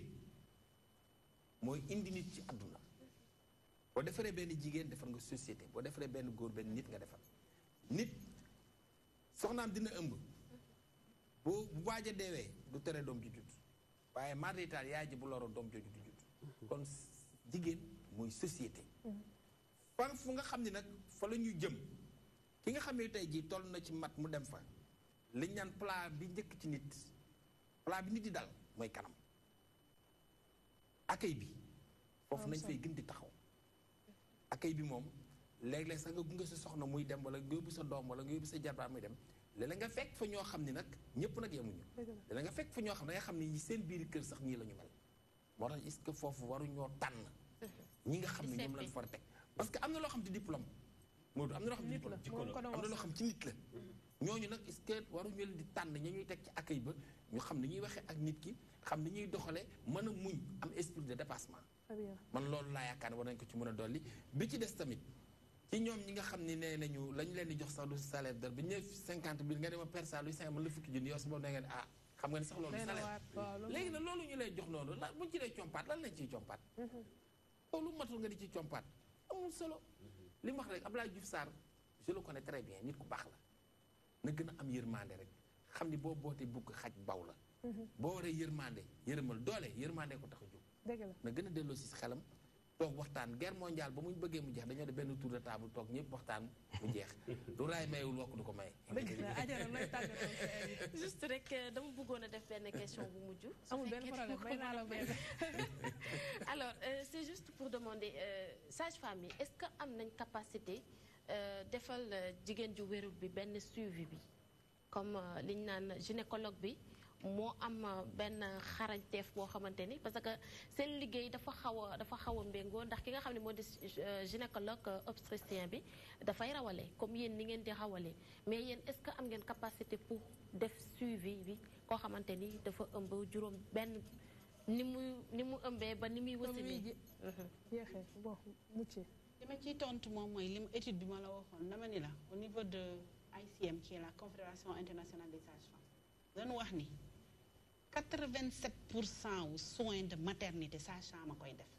mooy indi nit ci àdduna boo defaree benn jigéen defar nga société boo defaree benn góor benn nit nga defar nit soxnaam dina ëmb boo bu waaj a deewee du tere doom ji judd waaye mardital yaay ji bu loro doom jooju kon jigéen mooy société. fan fu nga xam ni nag fa la jëm ki nga xamee ne tey jii toll na ci mat mu dem fa liñ naan plat bi njëkk ci nit plat bi nit di dal mooy kanam accueil bi. foofu nañ fay gën di taxaw. accueil bi moom léeg-léeg sax nga gunge sa soxna muy dem wala nga yóbbu sa doom wala nga yóbbu sa jabar muy dem. léeg nga fekk fa ñoo xam ni nag ñëpp nag yemuñu. dëgg nga fekk fa ñoo xam ne nga xam ni seen biir kër sax ñii la ñu mel. moo tax que foofu waruñoo tànn ñi nga xam ne ñoom lañ far teg parce am na loo xam ci diplôme moo am na loo am na loo xam ci nit la ñooñu nag est waruñu leen di tànn ña ñuy teg ci accueil ba ñu xam ni ñuy waxee ak nit ki xam ni ñuy doxale mën a muñ am esprit de dépassement man loolu laa yaakaar ne war nañ ko ci mën a dolli bi ci des tamit ci ñoom ñi nga xam ne nee nañu lañu leen di jox sax du salaire dara bi ñëw cinquante mille nga dema persa luy xam nga ne sax loolu salaire léegi nag loolu ñu lay jox noonu la buñ ci dee compaat lan lañ ciy compaat mhm. loolu matul nga di ci compaat amul solo mhm. li mu wax rek Abdoulaye Diouf saar je ko ne très bien nit ku baax la na gën a am yërmande rek xam ni boo bootee bugg xaj baw la mhm. boo waree yërmande yërmal doole yërmande ko tax a jóg na gën a delloo si xelam toog waxtaan guerre mondiale ba mu bëggee mu jeex dañoo def benn tour de table toog ñëpp waxtaan mu jeex lu raay mayul wokk du ko may. juste rek euh, dama bëggoon a def benn question bu mujj. amul benn problème may naa la benn. alors euh, c'est juste pour demander euh, sage-femme yi est-ce que am nañ capacité defal jigéen ju wérul bi benn suivi bi comme liñ naan gynécologue bi mo am ben xarañteef boo xamante ni parce que seen liggéey dafa xaw a dafa xaw a mbéngoo ndax ki nga xam ne moo di gynécologue obstétricien bi dafay rawale comme yéen ni ngeen di rawale mais yéen est-ce que am ngeen capacité pour def suivi bi koo xamante ni dafa ëmb juróom benn ni mu ni mu ëmbee ba ni muy bi. Mhm. yéexee bon mucc li ma ciy tontu moom mooy li ma étude bi ma la waxoon dama ni la au niveau de ICM qui est la confédération internationale des sages-femmes dañu wax ni quatre-vingt-sept pour cent wu soins de maternité sage-femme a koy def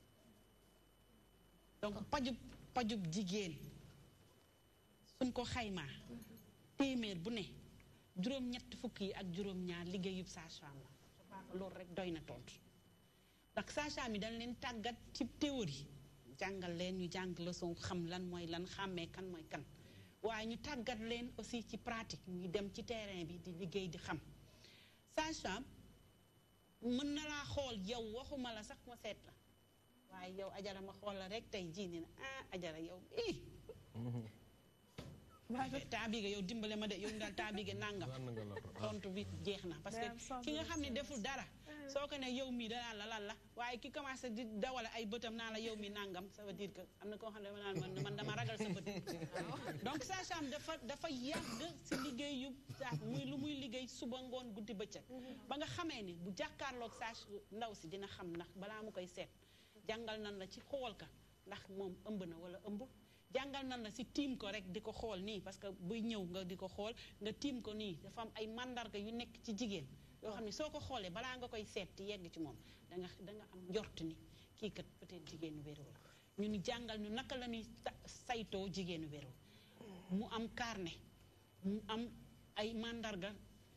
donc pajub pajub jigéen suñ ko xaymaa téeméer bu ne juróom-ñett fukk yi ak juróom-ñaar liggéeyub sage-femme la loolu rek doy na tontu ndax sage-femme yi dañ leen tàggat ci théorie jàngal leen ñu jàng leçon xam lan mooy lan xàmmee kan mooy kan waaye ñu tàggat leen aussi ci pratique ñu dem ci terrain bi di liggéey di xam sage-femme mën na laa xool yow waxuma la sax ma seet la waaye yow ajara ma xool la rek tey jii na ah ajara yow ii taabige yow dimbale ma de yow nga taabige ah. nangam tontu bi jeex na parce que ki nga xam ne deful dara soo ko ne yow mii danaan la lan la waaye ki commencé di dawale ay bëtam naa la yow mi nangam ça veut dire que am na koo xam ne dama naan man dama ragal sa bët donc sage-femme dafa dafa yàgg si liggéey yu sax muy lu muy liggéey suba ngoon guddi bëccëg mhm. ba nga xamee ni bu jàkkaarlook sage ndaw si dina xam ndax balaa mu koy seet jàngal nan la ci xool ka ndax moom ëmb na wala ëmb jàngal nan la si tiim ko rek di ko xool nii parce que buy ñëw nga di ko xool nga tiim ko nii dafa am ay mandarga yu nekk ci jigéen yoo xam ne soo ko xoolee balaa nga koy seet yegg ci moom danga danga am njort kii kat peut-être jigéenu wéro ñu ni jàngal ñu naka la ñuy saytoo jigéenu wéro mu am carnet mu am ay mandarga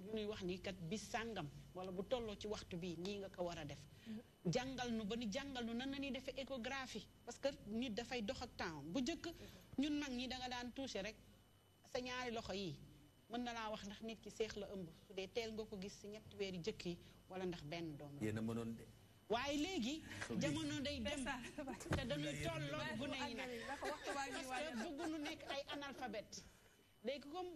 yu ñuy wax ni kat bi sàngam wala bu tolloo ci waxtu bii nii nga ko war a def jàngal nu ba ni jàngal la ñuy defee échographie parce que nit dafay dox ak temps bu njëkk ñun mag ñi da daan touché rek sa ñaari loxo yi mën na laa wax ndax nit ki seex la ëmb su dee teel nga ko gis si ñetti weer yi jëkk yi wala ndax benn doom la. yéen a waaye léegi jamono day dem te dañuy tolloog gune nekk ay analphabète léegi comme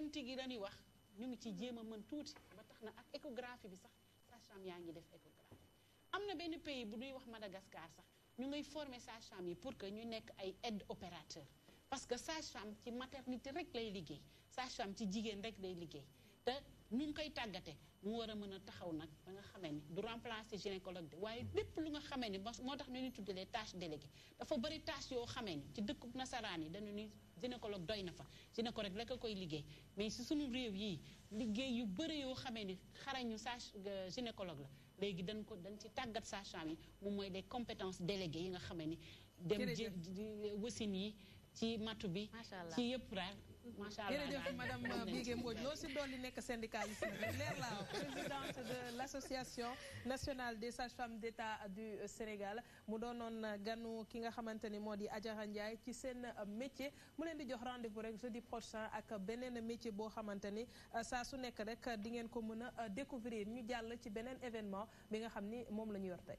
enti gi dañuy wax ñu ngi ci jéem a mën tuuti ba tax na ak échographie bi sax sage yaa ngi def échographie am na benn pays bu ñuy wax Madagascar sax ñu ngay forme sage-femme yi pour que ñu nekk ay aide opérateur parce que sage-femme ci maternité rek lay liggéey sage-femme ci jigéen rek day liggéey te nu ñu koy tàggate mu war a mën a taxaw nag ba nga xamee ni du remplacer gynécologue de waaye lépp lu nga xamee ni moo tax nu ñuy tuddee les tâches déléguées dafa bëri tâches yoo xamee ni ci dëkkub nasaraan yi dañu ni gynécologue doy na fa gynécologue rek a koy liggéey mais si suñu réew yii liggéey yu bëri yoo xamee ni xarañu sage gynécologue la léegi dañ ko dañ ci tàggat sage yi moom mooy les compétences déléguées yi nga xamee ni dem wasin yi ci matu bi ci yëpp daal macha allah madame euh, Bigué Mbodj loo si dolli nekk syndicaliste leer la présidente de l'association nationale des sages-femmes d'État du Sénégal mu doonoon ganu ki nga xamante modi moo Ndiaye ci sen métier mu len di jox rendez-vous rek jeudi prochain ak benen métier bo xamante euh, sa su nek rek di ngeen ko mën euh, découvrir ñu jall ci benen événement bi nga xamni mom lañu la ñu yor tey.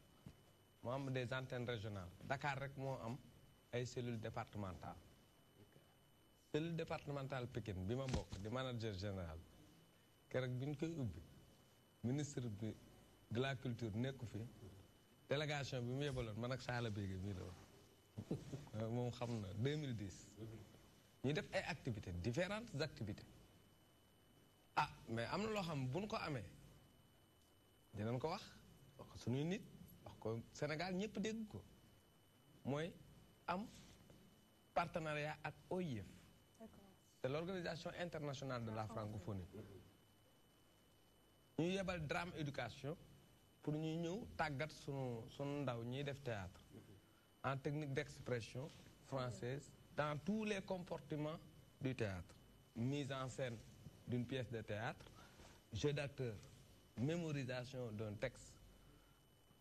mu am des antennes régionales dakaar rek moo am ay cellules départementales cellule départementale Pikine bi ma mbokk di manager général keroog bi ñu koy ubbi ministre bi de la culture nekku fi délégation bi mu yebaloon man ak Saala Bégué mii la moom xam na 2010 ñu def ay activités différentes activités ah mais am na loo xam bu ñu ko amee dinañ ko wax wax suñuy nit Le Sénégal ñëpp am partenariat ak OIF. l'organisation internationale de la francophonie. avons yebal drame éducation pour nous nous tàggat sunu théâtre en technique d'expression française dans tous les comportements du théâtre. mise en scène d'une pièce de théâtre jeu d'acteur mémorisation d'un texte.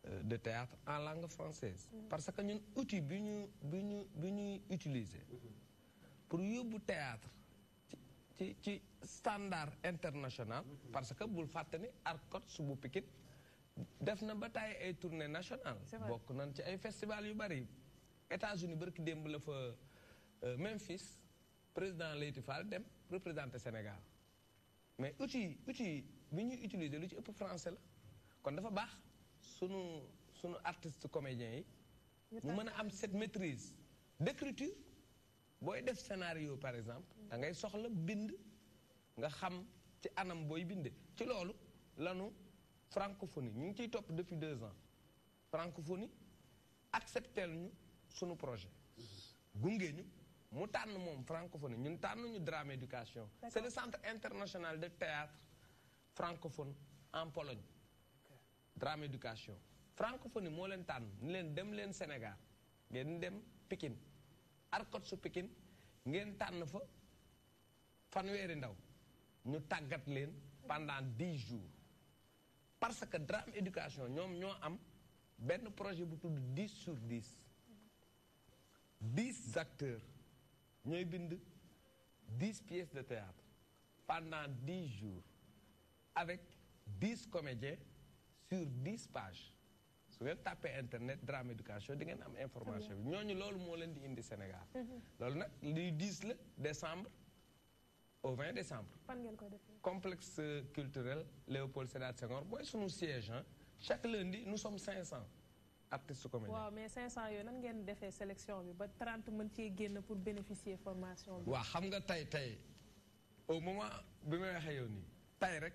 Euh, de théâtre en langue française. Mm-hmm. parce que nous outil bi ñu mm-hmm. pour le théâtre qui standard international. Mm-hmm. parce que vous vous faites, Arcot subu pikit def na ba ay tournée nationale. Vous nañ ci un festival yu bari. États-Unis barki démb la fa euh, Memphis président de l'État, dem le Sénégal mais nous outil utilisé ñuy utiliser lu français la kon dafa sunu sunu artiste comédien yi ñu mën a am cette maîtrise d'écriture booy def scénario par exemple da ngay soxla bind nga xam ci anam booy bind ci loolu lanu francophonie ñu ngi ciy topp depuis deux ans francophonie accepter ñu sunu projet gunge ñu mu tànn moom francophonie ñun tànn ñu drame éducation c'est le centre international de théâtre francophone en Pologne drame éducation francophonie moo leen tànn ni leen dem leen Sénégal ngeen dem Pikine arkot su Pikine ngeen tànn fa fanweeri ndaw ñu tàggat leen pendant dix jours parce que drame éducation ñoom ñoo am benn projet bu tudd dix sur dix dix acteurs ñooy bind dix pièces de théâtre pendant jours avec dix comédiens sur 10 pages si vous tapez internet drame éducation vous avez am information Nous avons loolu moo Sénégal mhm. Nous sommes li décembre au 20 décembre complexe culturel Léopold Sénat. Senghor sunu siège hein. chaque lundi nous sommes 500 artistes mais 500 nous avons fait la sélection bi 30 mën pour bénéficier de la formation. xam nga tey au moment bi may waxee yow un rek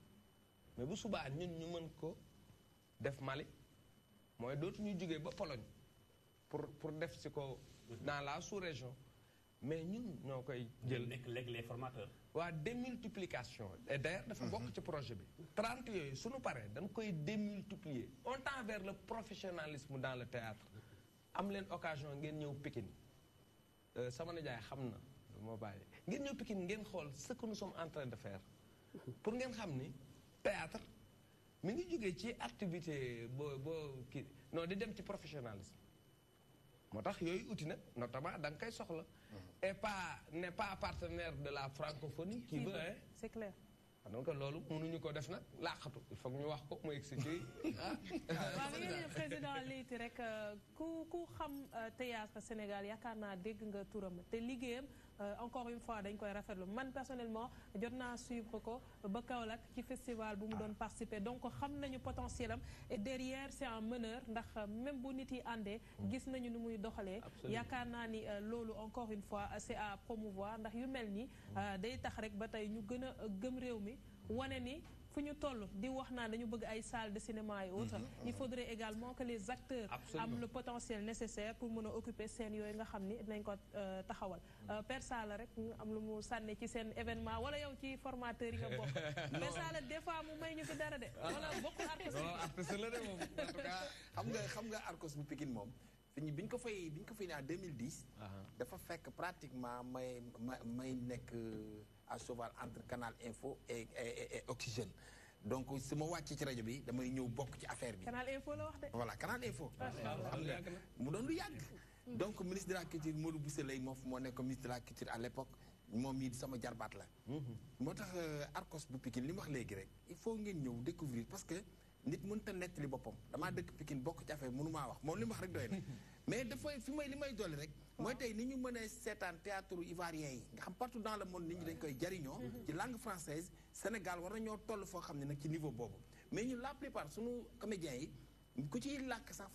mais bu suba ñun ñu mën ko def Mali mooy ñu jógee ba Pologne pour pour def si ko dans la sous-région mais ñun ñoo koy jël nekk léegi les formateurs waa démultiplication et d'ailleurs dafa bokk ci projet bi 30 yooyu suñu paree dañ koy démultiplier on tend vers le professionnalisme dans le théâtre am leen occasion ngeen ñëw Pikine euh, sama nijaay xam na moo bàyyi ngeen ñëw pikin ngeen xool ce que nous sommes en train de faire pour ngeen xam ni théâtre mu ngi jógee ci activité bo bo kii non di dem ci professionnalisme moo tax yooyu uti na notamment da nga koy soxla mhm. et pas n'est pas partenaire de la francophonie qui veut hein c'est clair ah, donc loolu mënuñu ko def nag laaxatu il faut ñu wax ko mu expliqué ah. ah. waaw yéen président Leyti rek euh, ku ku xam euh, théâtre Sénégal yaakaar naa dégg nga turam te liggéeyam. Euh, encore une fois dañ koy rafetlu man personnellement jot naa suivre ko ba kaolak ci festival bu mu doon participer donc xam nañu potentiel am et derrière c'est un meneur ndax euh, même bu nit yi àndee mm. gis nañu nu muy doxalee yaakaar naa ni euh, loolu encore une fois c'est à promouvoir ndax yu mel ni mm. day tax rek ba tey ñu gën a gëm réew mi wane ni fu ñu toll di wax naa dañu bëgg ay salle de cinéma et autres mhm. il faudrait également que les acteurs am le potentiel nécessaire pour mën a occuper seen yooyu nga xam ni nañ ko euh, taxawal mhm. euh, per Sala rek ñu am lu mu sànni ci seen événement wala yow ci formateur yi nga bokk Père Sala des fois mu may ñu fi dara de wala bokkul arcos xam nga xam nga arcos bu Pikine moom bi ñu ko fay bi ñu ko fay ne en 2010 dafa fekk pratiquement may may may nekk a cheval entre Canal Info et et donc su ma wàccee ci rajo bi damay ñëw bokk ci affaire bi. Canal Info la wax de. voilà Info. Ah, ah, ah, xam mu doon lu yàgg. donc ministre de la culture Modou Bousso lay moo moo nekk ministre de la culture à l'époque moom mii sama jarbaat la. Mhm. moo tax euh, Arcos bu Pikine li mu wax léegi rek. il faut ngeen ñëw découvrir parce que nit mënut a nettali boppam damaa dëkk Pikine bokk ci affaire bi wax moom li wax rek doy na mais dafa fi may li may dolli rek. mooy tey ni ñu mënee seetaan théâtre ivoirien yi nga xam partout dans le monde ni ñi dañ koy jariñoo mhm. ci langue française Sénégal war nañoo toll foo xam ne nag ci niveau boobu mais ñu la plupart suñu comédiens yi ku ci làkk sax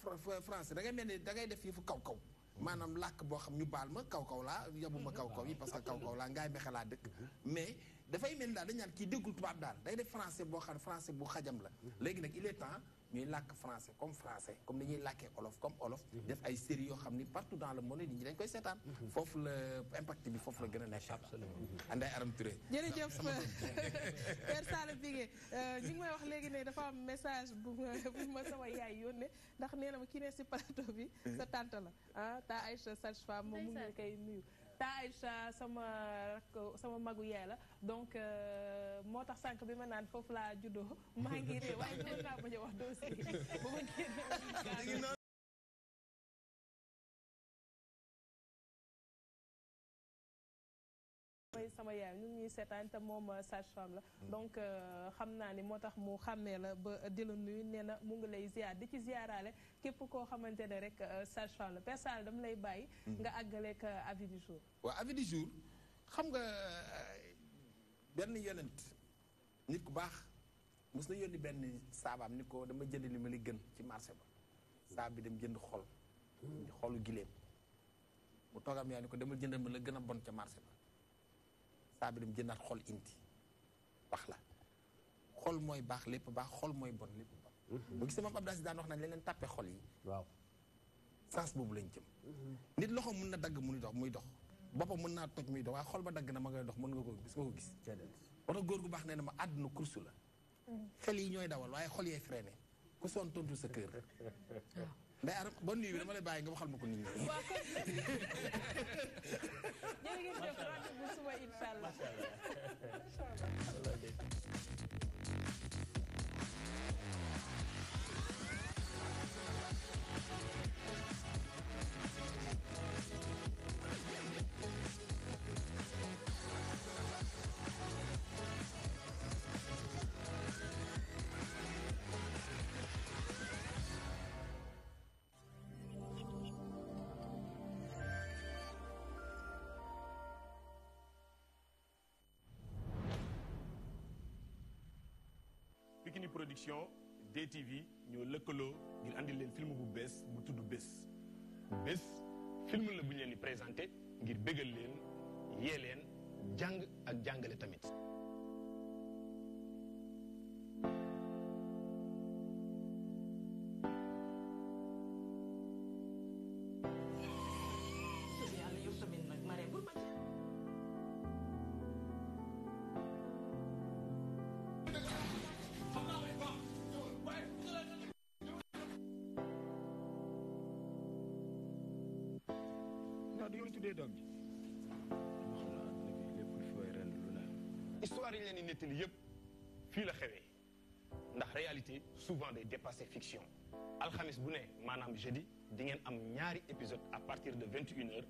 français da ngay mel ne dangay def def fu kaw kaw maanaam làkk boo xam ñu baal ma kaw kaw laa yabuma kaw kaw yi parce que kaw kaw laa ngaay mexe laa dëkk mhm. mais dafay mel daal dañu naan kii déggul tubaab daal day def français boo xam français bu xajam la léegi nag il est temps ñuy làkk français comme français comme ni ñuy làkkee olof comme olof def ay séries xam ni partout dans le monde nit ñi dañ koy seetaan foofu la impact bi foofu la gën a nekk Anday Aram Touré jërëjëf Père Sala Bigué euh, wax léegi ne dafa am message bu bu ma sama yaay yónnee ndax nee na ma ne si plateau bi sa la ah ta Aïcha sage mu ngi koy nuyu Taïcha sama sama magu yaay la donc euh, moo tax sànq bi ma naan foofu laa juddoo maa ngi réew a wax dossier bu ma sama yaay ñun ñuy seetaan te moom euh, sage la mm. donc euh, xam naa ni moo tax mu xàmmee la ba euh, di la na mu ngi lay ziar di ci ziaraale képp koo xamante ne rek sage-femme la persal dama lay bàyyi mm. nga àggaleek avis du jour waaw avis du jour xam nga benn yonent nit ku baax mos na yónni benn saabaam ni ko dama jënd li ma li gën ci marché ba saab bi dem jënd xol mm. xolu gileem mu toogam yaa ni ko dama jëndal ma la gën a bon ca marché ba saa bi dem jëndaat xol indi baax la xol mooy baax lépp baax xol mooy bon lépp bon bu gisee moom Abdou daan wax nañ leen tàppe xol yi waaw sens boobu lañ jëm nit loxo mën na dagg muy dox muy dox boppam mën naa toj muy dox waaye xol ba dagg na ma ngay dox mën nga ko gis nga ko gis wata góor gu baax nee na ma àdduna kursu la xel yi ñooy dawal waaye xol yee freiné ku soon tontu sa kër nday Arame bon nuyu bi dama lay bàyyi nga waxal ma ko nuyu. waaw kon jërëjëf def rendez-vous suba incha allah. production DTV ñoo lëkkaloo ngir andi leen film bu bees bu tudd bés bés film la bu ñu leen di présenté ngir bégal leen yee leen jàng ak jàngale tamit leen di nettali yëpp fii la xewee ndax réalité souvent day dépasser fiction alxamis bu ne maanaam jeudi di ngeen am ñaari épisode à partir de 21 et heures